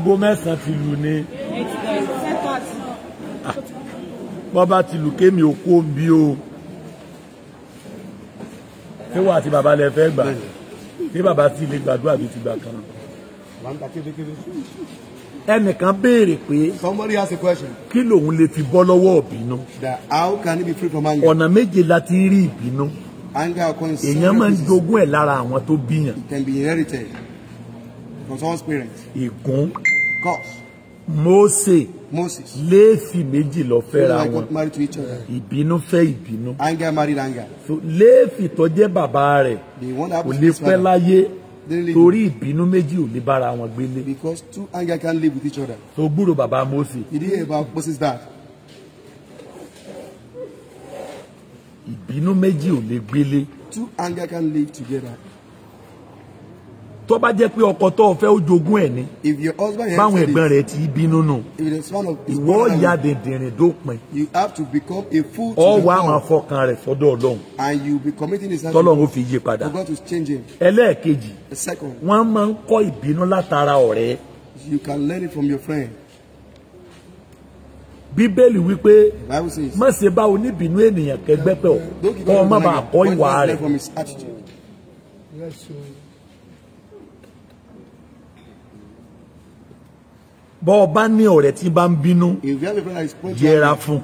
aago mẹ́sàn-án ti lù ni ah, bọ́ba ti lù kémi òkú bí o ṣé wà tí bàbá lẹ fẹ́ gbà ṣé bàbá sì lè gbàdúrà bí ti gbà kan. ẹnìkan béèrè pé somebody ask a question. kí lòun lè fi bọ́ lọ́wọ́ ìbínú. how can he be free from anger. ọ̀nà méje la ti rí ìbínú. anger èèyàn máa ń jogún ẹ̀ lára àwọn tó bíyàn. can be inherited from someone's parents. ìgún. God. Mósè. Moses. Léèfì méjì lọ fẹ́ra wọn. married to each other. Ìbínú fẹ́ ìbínú. Anger married anger. So Léèfì tó jẹ́ bàbá rẹ̀. The to his father. Kò lè pẹ́ láyé torí ìbínú méjì ò lè bára wọn gbélé. because two anger can live with each other. so gbúrò bàbá Mósè. he about Moses dad. ìbínú méjì ò lè gbélé. live together tó bá jẹ́ pé ọkọ tó fẹ́ ó jogún ẹ̀ ni báwọn ẹ̀gbọ́n rẹ̀ ti bínú nù ìwọ ìyá dìndìnrín dópin ọwọ́ àwọn afọkàn rẹ̀ sọ́dọ̀ ọlọ́run tọ́lọ́run ó fi yí padà ẹlẹ́ẹ̀kejì wọ́n máa ń kọ́ ìbínú látara ọ̀rẹ́. You can learn it from your friend. Bíbélì wípé má ṣe bá oníbínú ènìyàn kẹ́gbẹ́ pẹ̀ ọ́ kọ́ ọ má bàa kọ́ ìwà rẹ̀. bọ́ ọ bá ní ọ̀rẹ́ tí bá ń bínú yẹra fún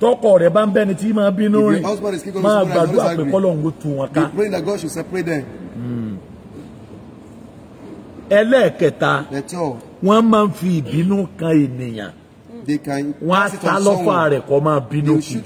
tọkọ rẹ bá ń bẹni tí máa bínú rìn máa gbàdúrà pé kọlọ́hún ó tu wọn ká. Hmm. ẹlẹ́ẹ̀kẹta wọ́n máa ń fi ìbínú kan ènìyàn wọ́n á ta lọ́fà rẹ̀ kó máa bínú kù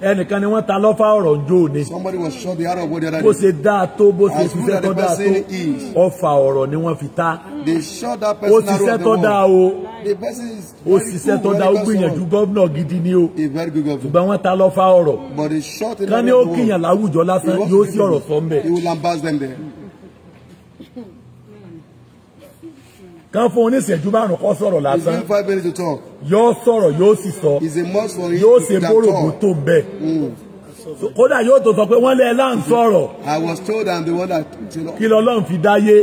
ẹnìkan ni wọ́n ta lọ́fà ọ̀rọ̀ njó ni. somebody was shot the other day. bó ṣe dáa tó bó ṣe ṣiṣẹ́ tó dáa tó ọfà ọ̀rọ̀ ni wọ́n fi ta. they shot that person the ó ṣiṣẹ́ tó dáa o. person is ó ṣiṣẹ́ tó dáa ó gbìyànjú gómìnà gidi ni o. a very good governor. ṣùgbọ́n wọ́n ta lọ́fà ọ̀rọ̀. but they shot ó kíyàn láwùjọ lásán yóò sí ọ̀rọ̀ sọ́ńbẹ̀. he will lambast them there. kan fún un márùn-ún sọ̀rọ̀ lásán. yóò sọ̀rọ̀ yóò sì sọ. yóò ṣe bórògbó tó bẹ́ẹ̀. Mm. kódà yóò tó sọ pé wọ́n lé ẹ láǹ sọ̀rọ̀. I was told I'm the one that. kí lọ́lọ́run fi dáyé.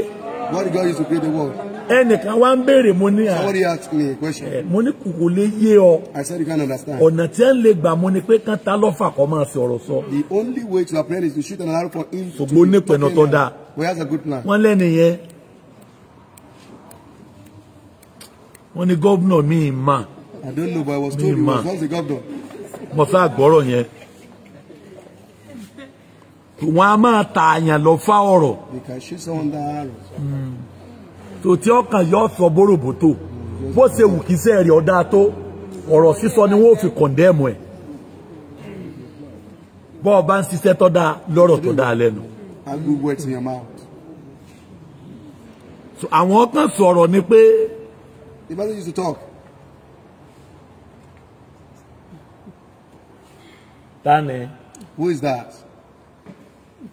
what God used to create the world. ẹnìkan wá ń béèrè mo ní à. somebody asked me a question. mo ní kò lè yé ọ. I said you can't understand. ọ̀nà tí ẹ ń lè gbà mo ni pé kán ta lọ́fà kọ́ máa ṣe ọ̀rọ̀ sọ. the only way to appreciate is to shoot an arrow for him. ṣùgbọ́n ó ní pẹ̀nà tó dáa. good plan. wọ́n lẹ́nu yẹn. wọ́n ní gómìnà mi ma mi ma mo sá gbọ́rọ̀ yẹn wọ́n a máa ta àyàn lọ fá ọ̀rọ̀ tó tí ọkàn yọ sọ bóròbótò bó ṣe wù kí sẹ́ẹ̀rì ọ̀dá tó ọ̀rọ̀ sísọ ni wọ́n fi kọ̀ndẹ́ẹ̀mù ẹ̀ bọ́ ọ bá ń ṣiṣẹ́ tó dáa lọ́rọ̀ tó dáa lẹ́nu. àwọn kan sọ̀rọ̀ ni pé The person used to talk. Tani. Who is that?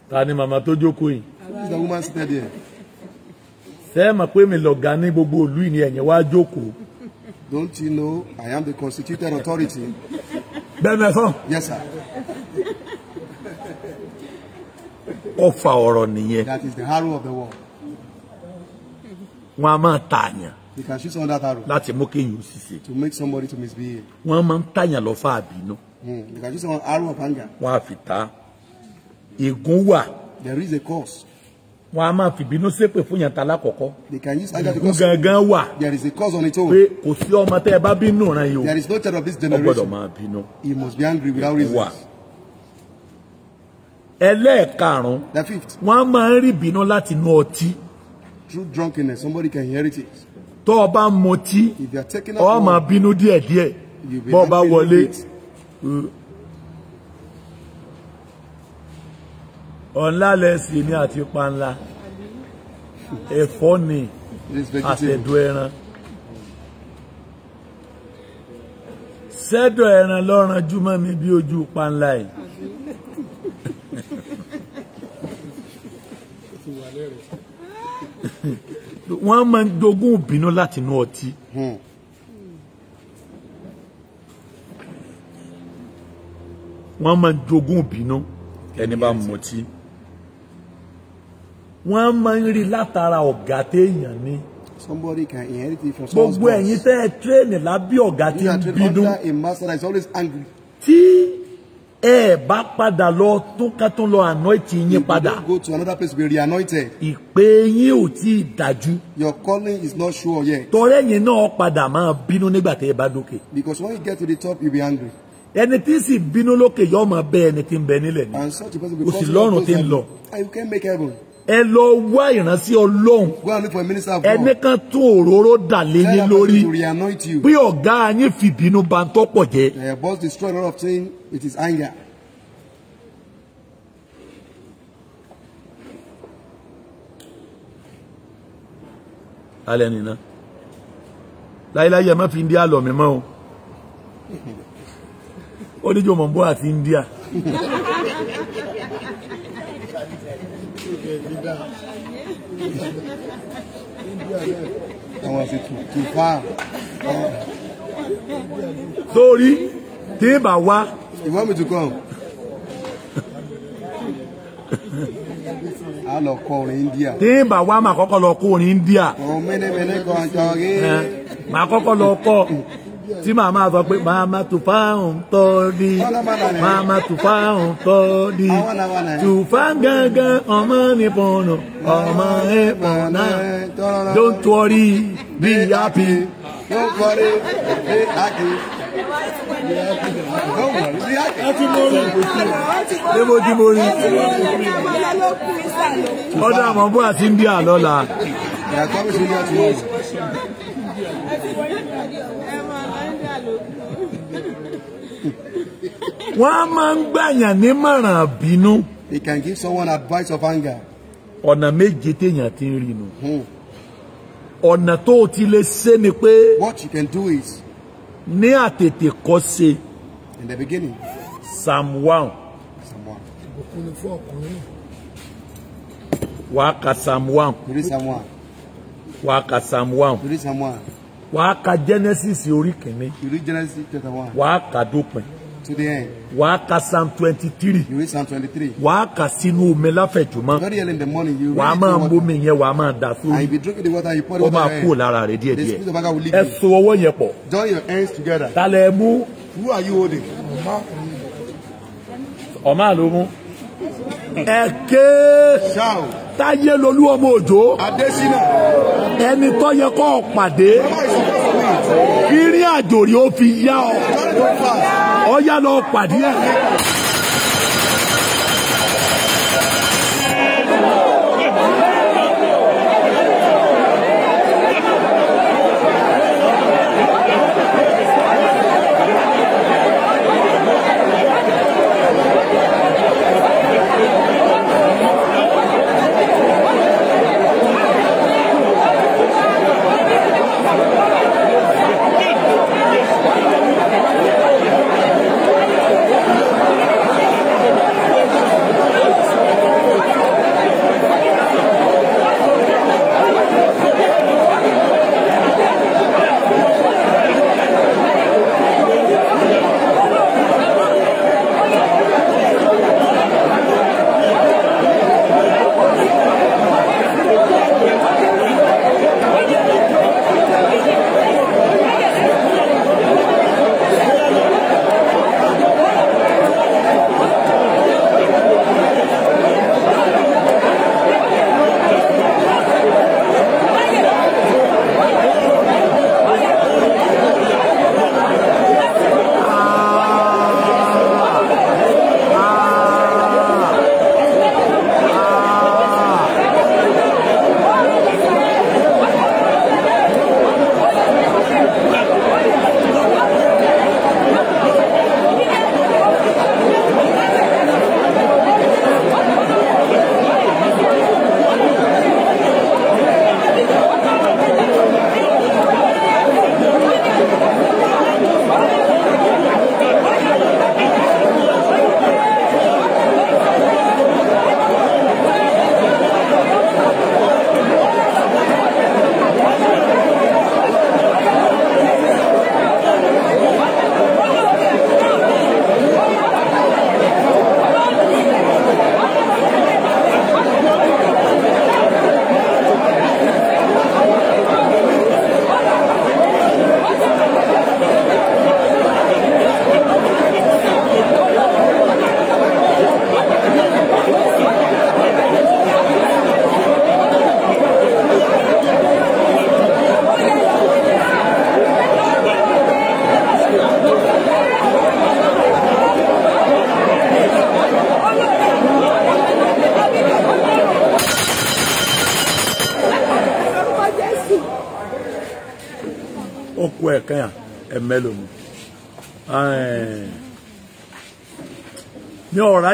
Tani Mama tó jókòó Who is the woman sitting there? Ṣé mà pé mi lọ̀gá ní gbogbo ni ẹ̀yin wá Don't you know I am the constituted authority? Bẹ́ẹ̀ni ẹ̀fọ́. Yes sir. Ọfà ọ̀rọ̀ That is the harrow of the war. Wọ́n a You can shoot someone that arrow. Láti mú kéèyàn ó ṣìṣe. To make somebody to misbehave. Wọ́n máa ń tàyàn lọ fà àbínú. Hmm, you can shoot someone arrow of anger. Wọ́n á fi ta. Ègún wà. There is a cause. Wọ́n á máa fìbínú ṣépè fún yàtà lákọ̀ọ́kọ́. They can use anger because. Ègún gangan wà. There is a cause on its own. Pé kò sí ọmọ tẹ́ ẹ bá bínú ràn yìí o. There is no child of this generation. Ó gbọ́dọ̀ máa bínú. He must be angry without reason. Wà ẹlẹ́ẹ̀karùn-ún wọ́n máa ń rí ìbínú láti inú ọtí. Through drunkenness somebody can inherit it tó o bá mọtí o máa bínú díẹ̀díẹ̀ bó o bá wọlé ọ̀nlá lẹ́sìn ní àti panla ẹ̀fọ́ ni àtẹ̀dọ̀ ẹran sẹ́dọ̀ ẹran lọ́ran júmọ́ mi bí ojú panla yìí wọ́n máa ń dogún ìbínú láti inú ọtí. Hmm. wọ́n máa ń dogún ìbínú. ẹni bá mutí. wọ́n máa ń rí látara ọ̀gá téèyàn ni. Somebody can inherit it from someone's boss. gbogbo ẹ̀yin tẹ́ ẹ tírẹ́ẹ̀nì lábí ọ̀gá tí ń bínú. you are trained under a master that is always angry. tí ẹ bá padà lọ tó ká tó lọ anointi yín padà. you go to another place to be re-anointed. ìpè yín ò tí ì dájú. your calling is not sure yet. tọrẹ yín náà padà máa bínú nígbà tẹ ẹ bá dókè. because when you get to the top you be angry. ẹni tí sì bínú lókè yóò máa bẹ ẹni tí ń bẹ nílẹ̀ ni. and such a person because. òsì lọ́rùn tí ń lọ. and you can make heaven. ẹ lọ wá iransi ọlọ́run ẹni kan tún òróró dà lé lórí bí ọ̀gá yín fìbínú bà ń tọ́pọ̀ jẹ́. fi india mi mọ́ o india. wọn ṣe tù tù fà. sórí tí wá. you want me to come. a lọ kọ orin India. tí ì bá wá màá kọ́kọ́ lọ kọ orin India. òun mẹ́nẹ́mẹ́nẹ́ kan jọrí. màá kọ́kọ́ lọ kọ tí màá máa sọ pé màmá tùfá ń tọ́ di màmá tùfá ń tọ́ di tùfá gángan ọmọ nìpọ̀nà ọmọ ẹ̀pọ̀nà don't worry Be happy. Don't worry. Be happy. Demodimori. Ọ̀dọ̀ àmọ́ bó àti ń bí àlọ́la. Wọ́n á máa ń gbàyàn nímọ̀ràn àbínú. They can give someone advice of anger. Ọ̀nà méje téèyàn ti ń rí nu. Hmm ọ̀nà tó o ti lè ṣe ni pé. what you can do is. ní àtètè kọ́ ṣe. the beginning. psalm one. psalm one. ìbùkún ni ka psalm one. read psalm ka psalm one. read psalm ka genesis orí kìíní. you read genesis chapter one. wàá ka dópin to the end. wà ka psalm twenty three. you read psalm twenty three. wà á ka sínú omi láfẹ̀jùmọ́. very early in the morning you read the water. wà á máa mú yẹn wà máa dà sórí. and if you the water you pour the water in. ó máa kú lára rẹ̀ díẹ̀ díẹ̀. the spirit of agar will leave you. ẹ so ọwọ́ yẹn pọ̀. join your hands together. talẹ̀ mú. who are you holding. ọ̀ma ló mú. ẹ ké. shout táyé lolú ọmọ òjò ẹni tó yẹ kó o pàdé ìrìn àjò rí ó fi yá ọ ọ yá lọ pàdé ẹ.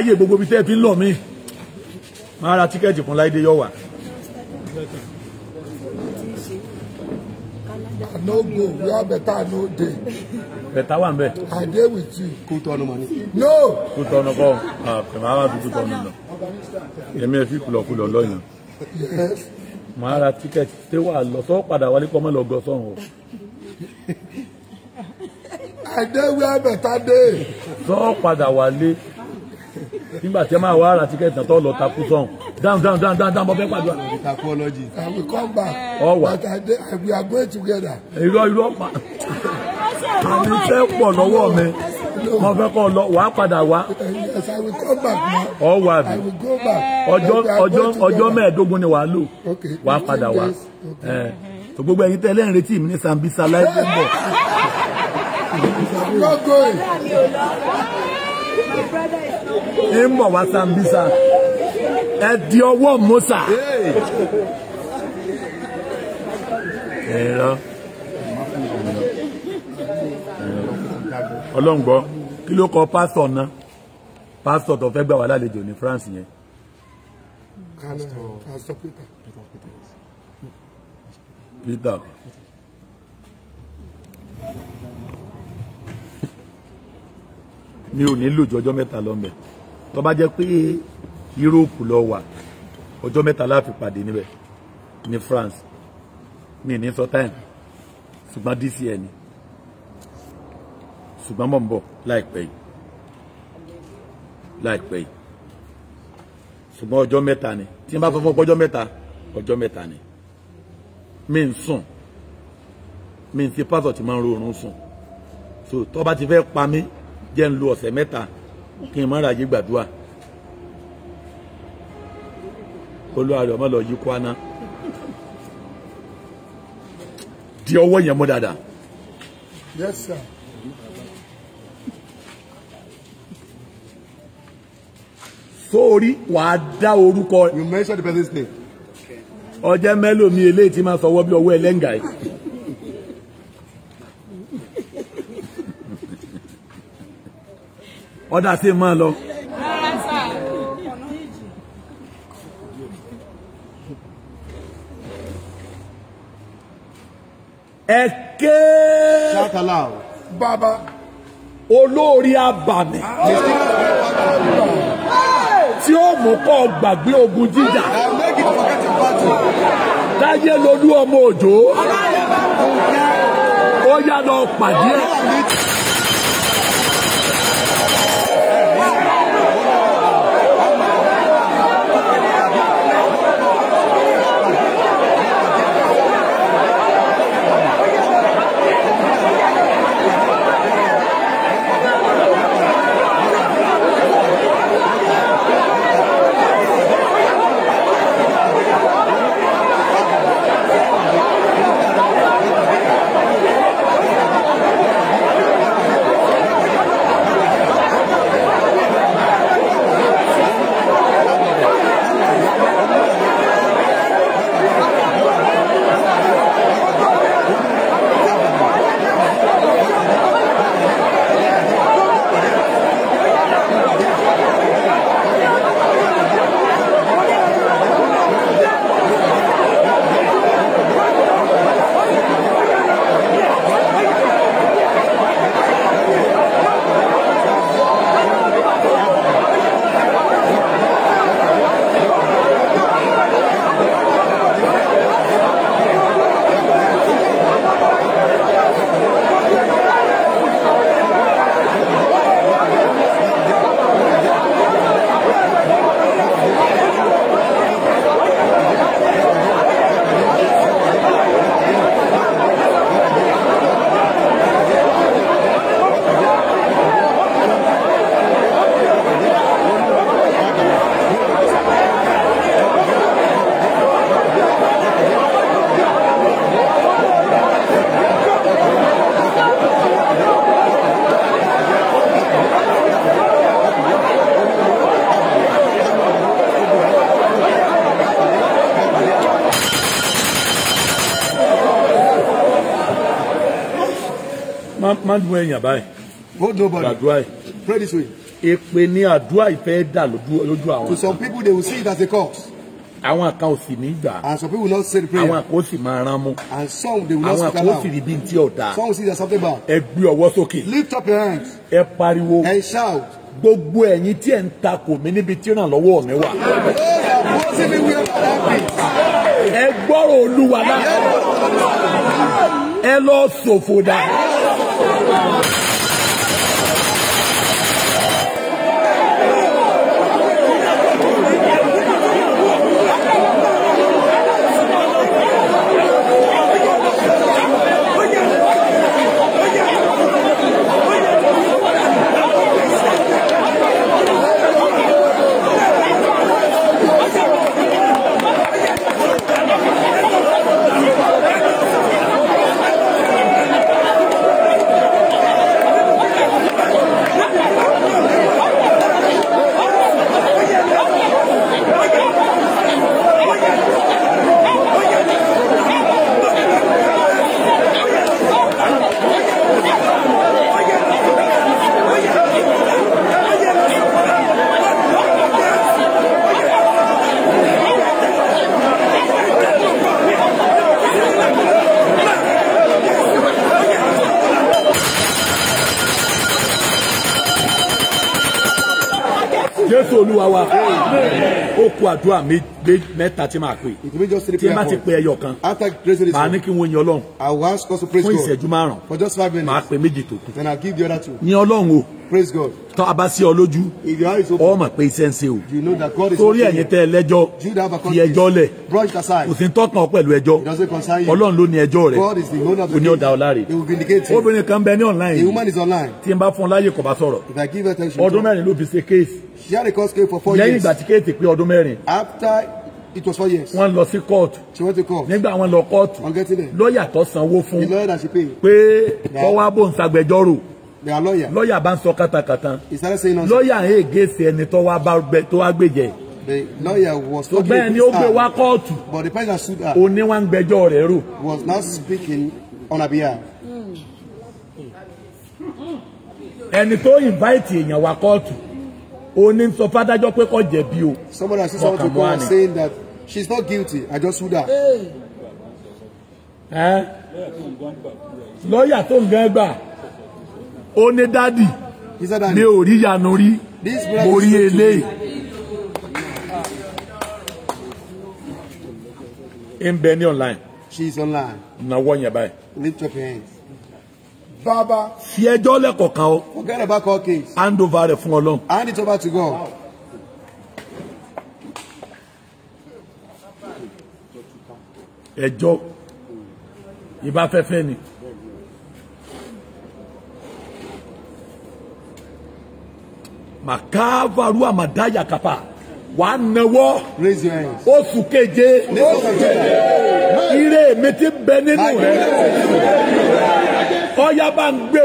láyé gbogbo ibi tẹ́ fi ń lọ mí máa ra tíkẹ́ẹ̀tì fún láìdé yọ̀ wá. no go where better no dey. bẹ̀tà wà nbẹ. i dey with you. kó tọ́nu mọ́ ni. no. kó tọ́nu kọ́ àpèmọ́ àwọn àdúgbò tọ́nu lọ èmi ẹ̀ fi kùlọ̀kùlọ̀ lọ́yàn màá ra tíkẹ́ẹ̀tì tẹ́ wà lọ tó padà wálé kọ́ mọ́ lọ gọ sọ́hún o. àdéhùn ẹ̀bẹ̀ta dé. tó padà wálé nígbà tí ẹ máa wá ra tíkẹ́ẹ̀tì tó lọ takú sọ̀n down down down down bọ́ fẹ́ pàdé. takology. I will come back. ọwà but we are going together. irọ́ irọ́ pa àmì fẹ́ pọ̀ lọ́wọ́ mi mo fẹ́ kọ́ lọ wàá padà wá. yes I will come back ma. ọ wà bí ọjọ́ ọjọ́ ọjọ́ mẹ́ẹ̀ẹ́dógún ni wàá lò wàá padà wá tó gbogbo ẹ̀yin tẹ́lẹ̀ ń retí mi ní Sambisa láìpẹ́ bọ̀. I'm not going. My brother is ń bọ̀ wá Sambisa ẹ di ọwọ́ mọ́sà. ẹ̀rọ ọlọ́ngbọ́ kí ló kọ pásítọ̀ náà pásítọ̀ tó fẹ́ gbà wá lálejò ní France yẹn. Pásítọ̀ Peter. Peter. mi ò nílò ju ọjọ́ mẹ́ta lọ mẹ́ tó bá jẹ́ pé yúróòpù lọ wà ọjọ́ mẹ́ta láti pàdé níbẹ̀ ní France mi ní sọ time ṣùgbọ́n this ni ṣùgbọ́n mọ̀ ń bọ̀ láìpẹ́ yìí láìpẹ́ yìí ṣùgbọ́n ọjọ́ mẹ́ta ni tí n bá sọ fún ọjọ́ mẹ́ta ọjọ́ mẹ́ta ni mi ń sùn mi ń ṣe pásọ̀ tí máa ń rorun sùn so tó bá ti fẹ́ pa mí jẹ́ ń lo ọ̀sẹ̀ mẹ́ta kí n má ráyè gbàdúrà olúwarẹ̀ ọmọ lọ yí kwana di ọwọ́ yẹn mú dáadáa. Yes, sir. sórí wàá dá orúkọ. You mentioned the person's name. ọjọ́ mélòó mi eléyìí ti máa fọwọ́ bí ọwọ́ ẹlẹ́ngàá ọ̀dà sí mọ́ lọ. ẹ ké bàbá olórí abàmì tí ó mú kọ́ gbàgbé ogun jíjà táyé lolú ọmọ òjò ó yá lọ pàdé ẹ̀. stand where yàn hold nobody gbàdúrà yìí. pray this way. èpè ni àdúrà ìfẹ́ dà lójú àwọn. to some people they will see it as a curse. àwọn kan ò sì ní gbà. and some people will not say the prayer. àwọn kan ò sì máa rán mú. and some they will not speak aloud. àwọn kan ò sì rí bí tí ò some will see there's something bad. ẹ gbé ọwọ́ sókè. lift up your hands. ẹ pariwo. and shout. gbogbo ẹ̀yin tí ẹ ń takò mí níbi tí ìrànlọ́wọ́ mi wà. ẹ gbọ́rọ̀ olúwa náà. ẹ lọ sòfò dà. Oh. àdúrà mẹ́ta tí máa pè tí máa ti pè ẹyọ kan màá ní kí wọ́n yin ọlọ́run fún ìṣẹ́jú márùn-ún màá pè méjì tó kù yin ọlọ́run o tọ́ a bá sí ọ lójú ọ mọ̀ pé iṣẹ́ ń ṣe o torí ẹ̀yin tẹ́ ẹlẹ́jọ́ fi ẹjọ́ lẹ̀ kò sí tọ́kàn pẹ̀lú ẹjọ́ ọlọ́run ló ní ẹjọ́ rẹ̀ kò ní ọ̀dà ọ̀la rẹ̀ obìnrin kan bẹ ní online tí n bá fún ọ láyè kò bá sọ̀rọ̀ ọdún mẹ́rin ló fi ṣe kéèsì she had a court case for four years. lẹ́yìn ìgbà tí kéètì pé ọdún mẹ́rin. after it was four years. wọ́n lọ sí kóòtù. she went to court. nígbà wọ́n lọ kóòtù. wọ́n gẹ́tí lẹ̀. lọ́ọ̀yà tó sanwó fún. the lawyer that she paid. pé kọ́wá bò ń ṣagbẹjọ́rò. they are lawyer. lọ́ọ̀yà bá ń sọ kátàkátà. he started saying nonsense. lọ́ọ̀yà ń ègèsè ẹni tó wá bá tó wá gbèjẹ. the lawyer was talking so against her. bẹ́ẹ̀ ni ó gbé wá kóòtù. but the person that sued her. òní wá ń gbẹjọ́ rò. was now speaking on her behalf. ẹni tó invite èèyàn wá kóòtù ó ní sọ fádájọ́ pé kó jẹ̀bi o. someone has someone to come saying that she is not guilty I just sued her. lọ́ọ̀yà tó ń gan gbà ó ní dádì mi ò rí yanu rí mo rí eléyìí. ń bẹ online. she is online. nawọ́ yẹn báyìí. lift up your hands. Baba. Fi ẹjọ́ lẹ́kọ̀ọ̀kan o. Forget about court case. Hand over rẹ̀ fún Ọlọ́run. Hand it over to God. Wow. ẹjọ́ ìbáfẹ́fẹ́ ni màkàvàrú àmàdáyà kápá wàá nawọ́ oṣù keje ire mi ti bẹ nínú rẹ ọ̀yá bá ń gbé.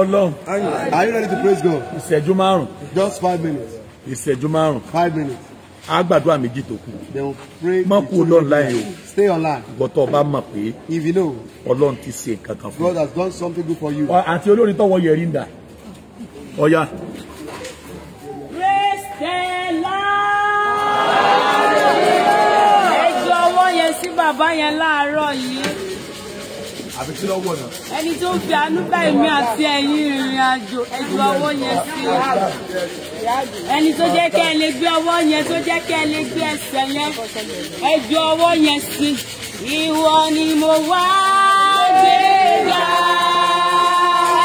Ọlọ́run. Are you ready to praise God? Ìṣẹ́jú márùn-ún. Just five minutes. Ìṣẹ́jú márùn-ún. Five minutes. A gbàdúrà méjì tó kù. They will pray. Má kú Ọlọ́run láyé o. Stay online. Gbọ́tọ̀ bá mọ̀ pé. If you know. Ọlọ́run ti ṣe nǹkan kan fún. God has done something good for you. Àti olórin tọ́wọ́ yẹrí ń dà. Ọ̀ya. àbí kí lọ́wọ́ náà. ẹni tó fi àánú bá èmi àti ẹ̀yin ìrìn àjò ẹjọ ọwọ́ yẹn sí i ẹni tó jẹ́ kẹ́ ẹ lè gbé ọwọ́ yẹn tó jẹ́ kẹ́ ẹ lè gbé ẹsẹ̀ yẹn ẹjọ ọwọ́ yẹn sí i ìwọ ni mo wá gbé ga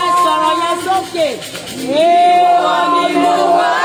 ẹ sọ̀rọ̀ yẹn sókè ìwọ ni mo wá.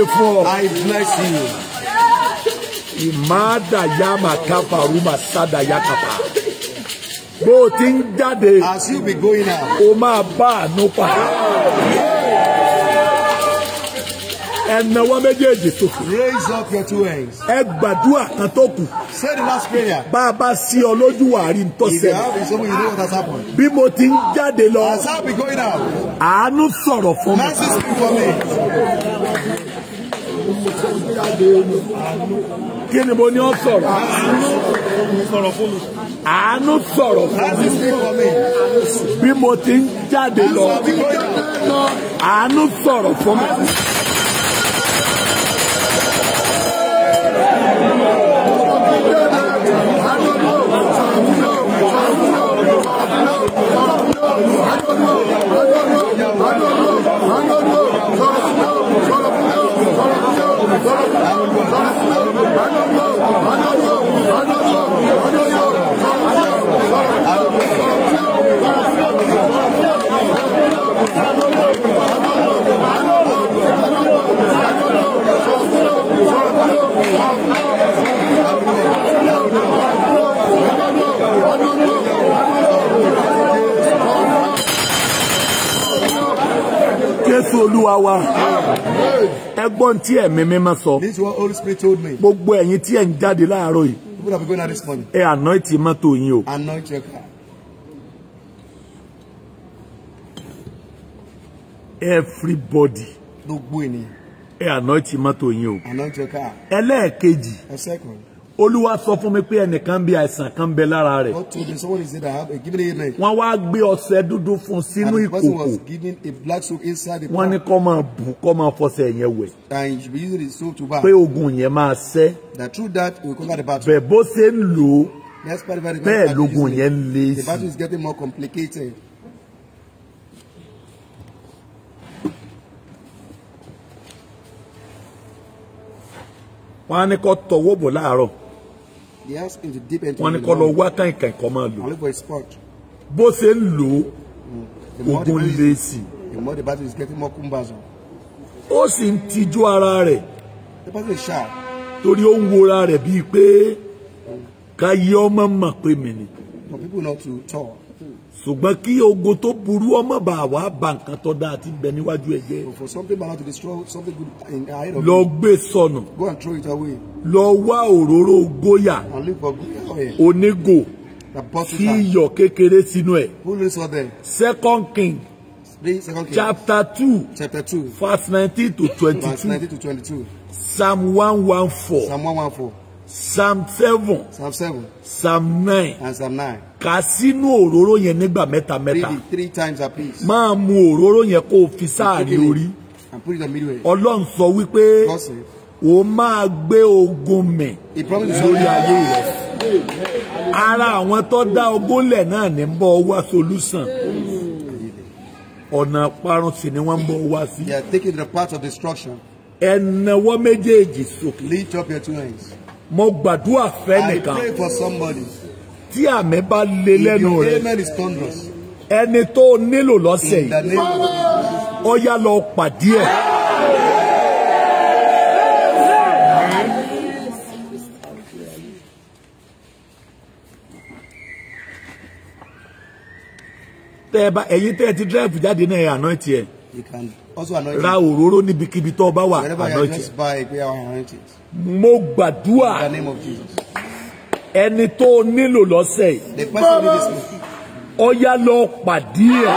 júwe fún I bless you. Imada yama kapa sádàyà kàfà. Bó o ti ń As you be going out. O máa bá àánú pàdé ẹnáwó méjèèjì tó kù. raise up your two hands. Egbadua gbàdúrà say the last prayer. Baba a bá sí ọ lójú if you have someone you know what has happened. bí mo ti ń jáde as I be going out. àánú sọ̀rọ̀ fún mi. mercy for me kí ni mo ní ọ sọ̀rọ̀ sọ̀rọ̀ fún mi àánú sọ̀rọ̀ fún mi bí mo ti ń jáde lọ àánú sọ̀rọ̀ fún mi. I don't know. Jésù Olúwa wa ẹgbọ́n tí ẹ̀mí mímọ́ sọ. this is what holy spirit told me. gbogbo ẹ̀yin tí ẹ̀ ń jáde láàárọ̀ yìí. people have been going out this morning. ẹ anoint mọ́tò yín o. anoint your car. everybody. gbogbo ènìyàn. ẹ anoint mọ́tò yín o. anoint your car. ẹlẹ́ẹ̀kejì. a second olúwa sọ fún mi pé ẹnìkan bí àìsàn kan bẹ lára rẹ̀. wọ́n wá gbé ọṣẹ dúdú fún sínú ìkòkò. wọ́n ní kó máa bù kó máa fọṣẹ yẹn wẹ̀. pé oògùn yẹn máa ṣẹ́. bẹ́ẹ̀ bó ṣe ń lò ó bẹ́ẹ̀ lóògùn yẹn ń le sí i. wọ́n á ní kó tọwọ́ bò láàárọ̀ wọ́n ní kó lọ wá kàìnkàìn kó máa lò bó ṣe ń lò ó mm. ogun lè sí ó sì ń tijú ara rẹ̀ torí ó ń wora rẹ̀ bíi pé mm. ká yí ọmọ mọ̀ pé mi ni ṣùgbọ́n kí ogun tó burú ọmọ bá wàá ba nǹkan tó dáa ti bẹ níwájú ẹ for something bad to destroy something good in the eye of. lọ gbé sọnù. go and throw it away. lọ wá òróró góyà. and look for góyà. Eh, onígò. the bottle can. fi iyọ̀ kékeré sínú ẹ̀. who lives for them. second king. three second king. chapter two. chapter two. verse nineteen to twenty-two. verse nineteen to twenty-two. psalm one one four. psalm one one four psalm seven psalm seven psalm nine and psalm nine kà sínú òróró yẹn nígbà mẹ́ta mẹ́ta three three times at least máa mu òróró yẹn kó o fi sáàrin orí ọlọ́run sọ wípé o máa gbé ogun mì lórí ayé rẹ ara àwọn tó dá ogún lẹ̀ náà ní bọ́ wá solúsàn ọ̀nà parun sì ni wọ́n ń bọ̀ wá sí. taking the path of destruction. ẹ̀nàwọ́ méjèèjì sókè. lift up your two hands mo gbàdúrà fẹ́ nìkan tí àmì bá lé lẹ́nu rẹ̀ ẹni tó nílò lọ́sẹ̀ yìí ó yá lọ pàdé ẹ̀. tẹ́ ẹ bá ẹ̀yin tẹ́ ẹ ti dírẹ́fù jáde náà ẹ̀ àná tiẹ̀ ra òróró níbikíbi tó bá wà anointed mo gbàdúrà ẹni tó nílò lọ́sẹ̀ yìí ọ̀yá lọ pàdé ẹ̀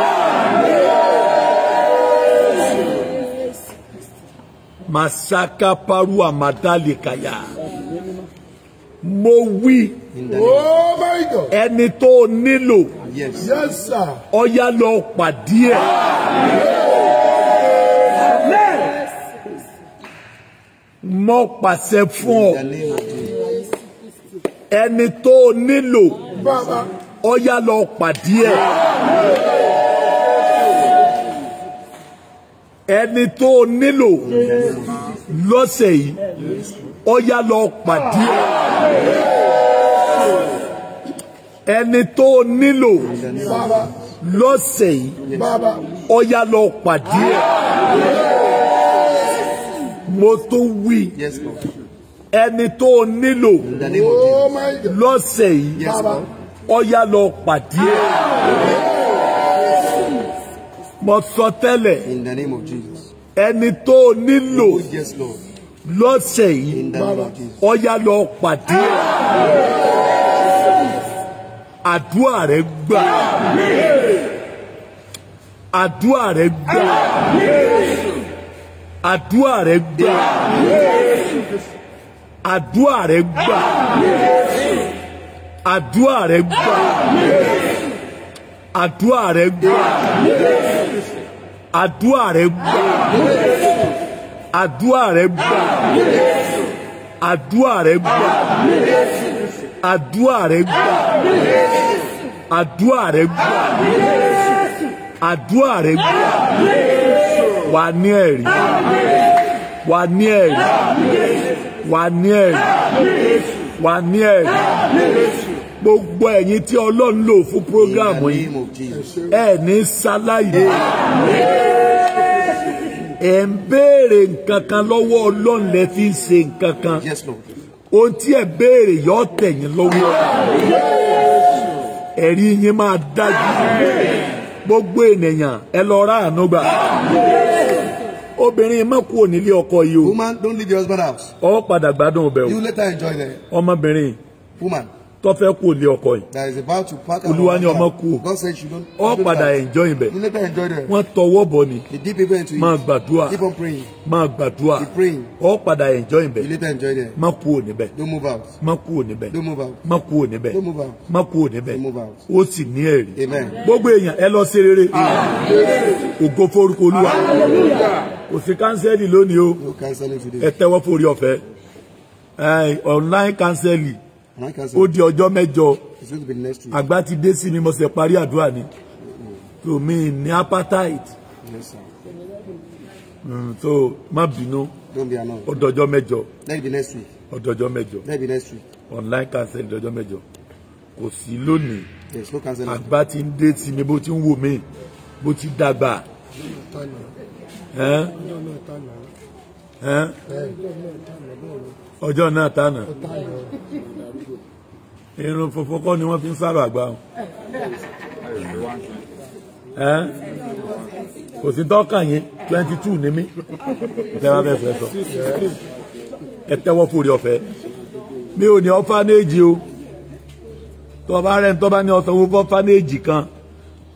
masaka paru amadali kaya mo wí oh ẹni tó nílò ọ̀yá lọ pàdé ẹ̀. Amen. Mo pàṣẹ fún ọ. Ẹni tó o nílò, ó yá lọ pàdé ẹ̀. Ẹni tó nílò lọ́sẹ̀ yìí, ó yá lọ pàdé ẹ̀. Ẹni tó o nílò lọ́sẹ̀ yìí ọ̀yá lọ pàdé ẹ̀ mo tó wí ẹni tó nílò oh lọ́sẹ̀ yìí ọ̀yá lọ pàdé ẹ̀ mo sọ tẹ́lẹ̀ ẹni tó nílò oh, lọ́sẹ̀ yìí ọ̀yá lọ pàdé ẹ̀ àdúrà rẹ gbà àdúrà rẹ gbà àdúrà rẹ gbà àdúrà rẹ gbà àdúrà rẹ gbà àdúrà rẹ gbà àdúrà rẹ gbà àdúrà rẹ gbà àdúrà rẹ gbà àdúrà rẹ gbà àdúrà rẹ gbà àdúrà rẹ gbà wà ní ẹ̀rí wà ní ẹ̀rí wà ní ẹ̀rí wà ní ẹ̀rí gbogbo ẹ̀yin tí ọlọ́run lò fún prógrámù yìí ẹ̀ ní sáláyé ẹ̀ ń béèrè nǹkan kan lọ́wọ́ ọlọ́run lẹ fi ń ṣe nǹkan kan. ohun tí ẹ béèrè yóò tẹ̀ yín lọ́wọ́ yín máa dájú gbogbo ènìyàn ẹ lọ ra àánú gbà obìnrin má ọkọ yìí o woman leave your husband house ọ padà gbádùn tó fẹ́ kú òlé ọkọ yìí olúwa ni ọmọ kú o ọ padà ẹ̀njọ́ ibẹ̀ wọ́n tọwọ́ bọ̀ ni máa gbàdúrà máa gbàdúrà ọ padà ẹ̀njọ́ ibẹ̀ má kú ò níbẹ̀ má kú ò níbẹ̀ má kú ò níbẹ̀ má kú ò níbẹ̀ ó sì ní ẹ̀rí gbogbo èèyàn ẹ lọ sí rere ah. ògo forúkọ olúwa kò sí kánsẹ́lì lónìí o ẹ tẹ́wọ́ fórí ọ̀fẹ́ online kánsẹ́lì ó di ọjọ́ mẹ́jọ àgbà ti dé sí mi mo sì parí àdúrà ni tó mi ní appetite mm, so má bínú ó dọjọ́ mẹ́jọ ó dọjọ́ mẹ́jọ online cancel dọjọ́ mẹ́jọ kò sí lónìí àgbà ti ń dé sí mi bó ti ń wò mí bó ti dàgbà ẹ́n ẹ́n. ọjọ́ náà tánà irun funfun kọ́ ni wọ́n fi ń sáàrọ̀ àgbà wọn kò sí tọ́kàn yín twenty two ni mí ìjọba bẹ́ẹ̀ sọ fòrí ọ̀fẹ́ mi ò ní o tó bá rẹ̀ tó bá ní ọ̀sán owó ọ́fánéèjì kan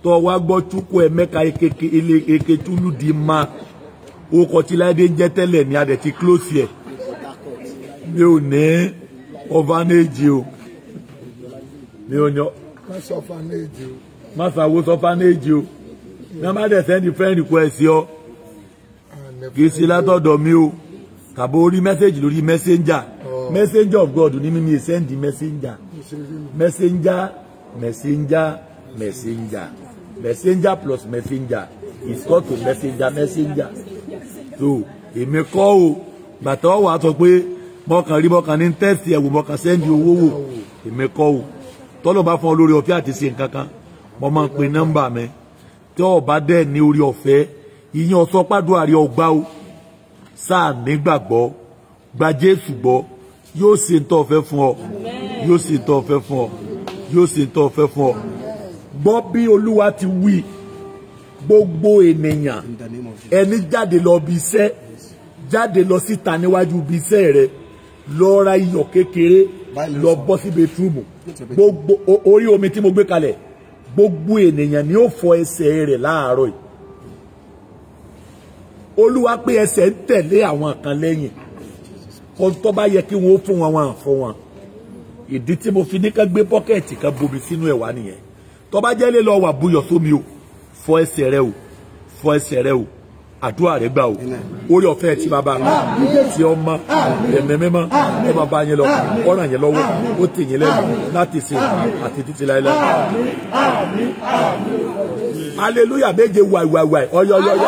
tó wá gbọ́ chukwu ẹ̀mẹ́ka eke tulu di ma ń jẹ́ tẹ́lẹ̀ ni a dẹ̀ ti close mi ò ní ọ̀fánéèjì o mi ò yan. má sọ ọ̀fánéèjì o. má sàwó sọ ọ̀fánéèjì o ní má dẹ̀ sẹ́ni friend request ọ kì í ṣe látọ̀dọ̀ mi o tàbí orí mẹ́sẹ̀gì lórí messenger oh. messenger of God ní mímí sẹ́ndì messenger messenger messenger messenger messenger plus messenger is called to messenger messenger so èmi kọ́ o gbàtọ́ wàá sọ pé bọ́kàn rí bọ́kàn ní tẹ́sítì ẹ̀wò bọ́kàn sẹ́ndì owó wò èmi kọ́ o tọ́lọ̀ bá fún ọ lórí ọ̀fẹ́ àti ṣe nǹkan kan mo máa ń pe nọ́mbà mi tí ọ̀ bá dẹ̀ ní orí ọ̀fẹ́ ìyẹn ọ̀sọ́ pàdúrà rí ọgbà o sáà nígbàgbọ́ gba Jésù gbọ́ yóò ṣe ń tọ́ ọ̀fẹ́ fún ọ yóò ṣe ń tọ́ ọ̀fẹ́ fún ọ yóò ṣe ń tọ́ ọ̀fẹ́ fún ọ gbọ́ bí Olúwa ti wí gbogbo ènìyàn ẹni jáde lọ bí iṣẹ́ jáde lọ síta níwájú bí iṣẹ́ rẹ̀ lọ ra iyọ̀ kékeré lọ bọ́ sí betrumu gbogbo orí omi tí mo gbé kalẹ̀ gbogbo ènìyàn ni ó fọ ẹsẹ̀ rẹ̀ láàárọ̀ yìí olúwa pé ẹsẹ̀ ń tẹ̀lé àwọn kan lẹ́yìn kan tó bá yẹ kí wọ́n ó fún wọn wọn àfọ wọn ìdí tí mo fi ní ká gbé bọ́kẹ́ẹ̀tì kan bomi sínú ẹ̀ wá nìyẹn tó bá jẹ́ lé lọ wà buyọ̀ sómi o fọ ẹsẹ̀ rẹ o fọ ẹsẹ̀ rẹ o àdúrà rẹ gbà o orí ọ̀fẹ́ ti bàbá ti ọmọ ẹ̀mí mímọ́ ẹ máa bá yín lọ ọ̀ràn yín lọ́wọ́ ó tì yín lẹ́nu láti sìn àti títí láéláé. hallelujah méje wàì wàì wàì ọyọyọyọ.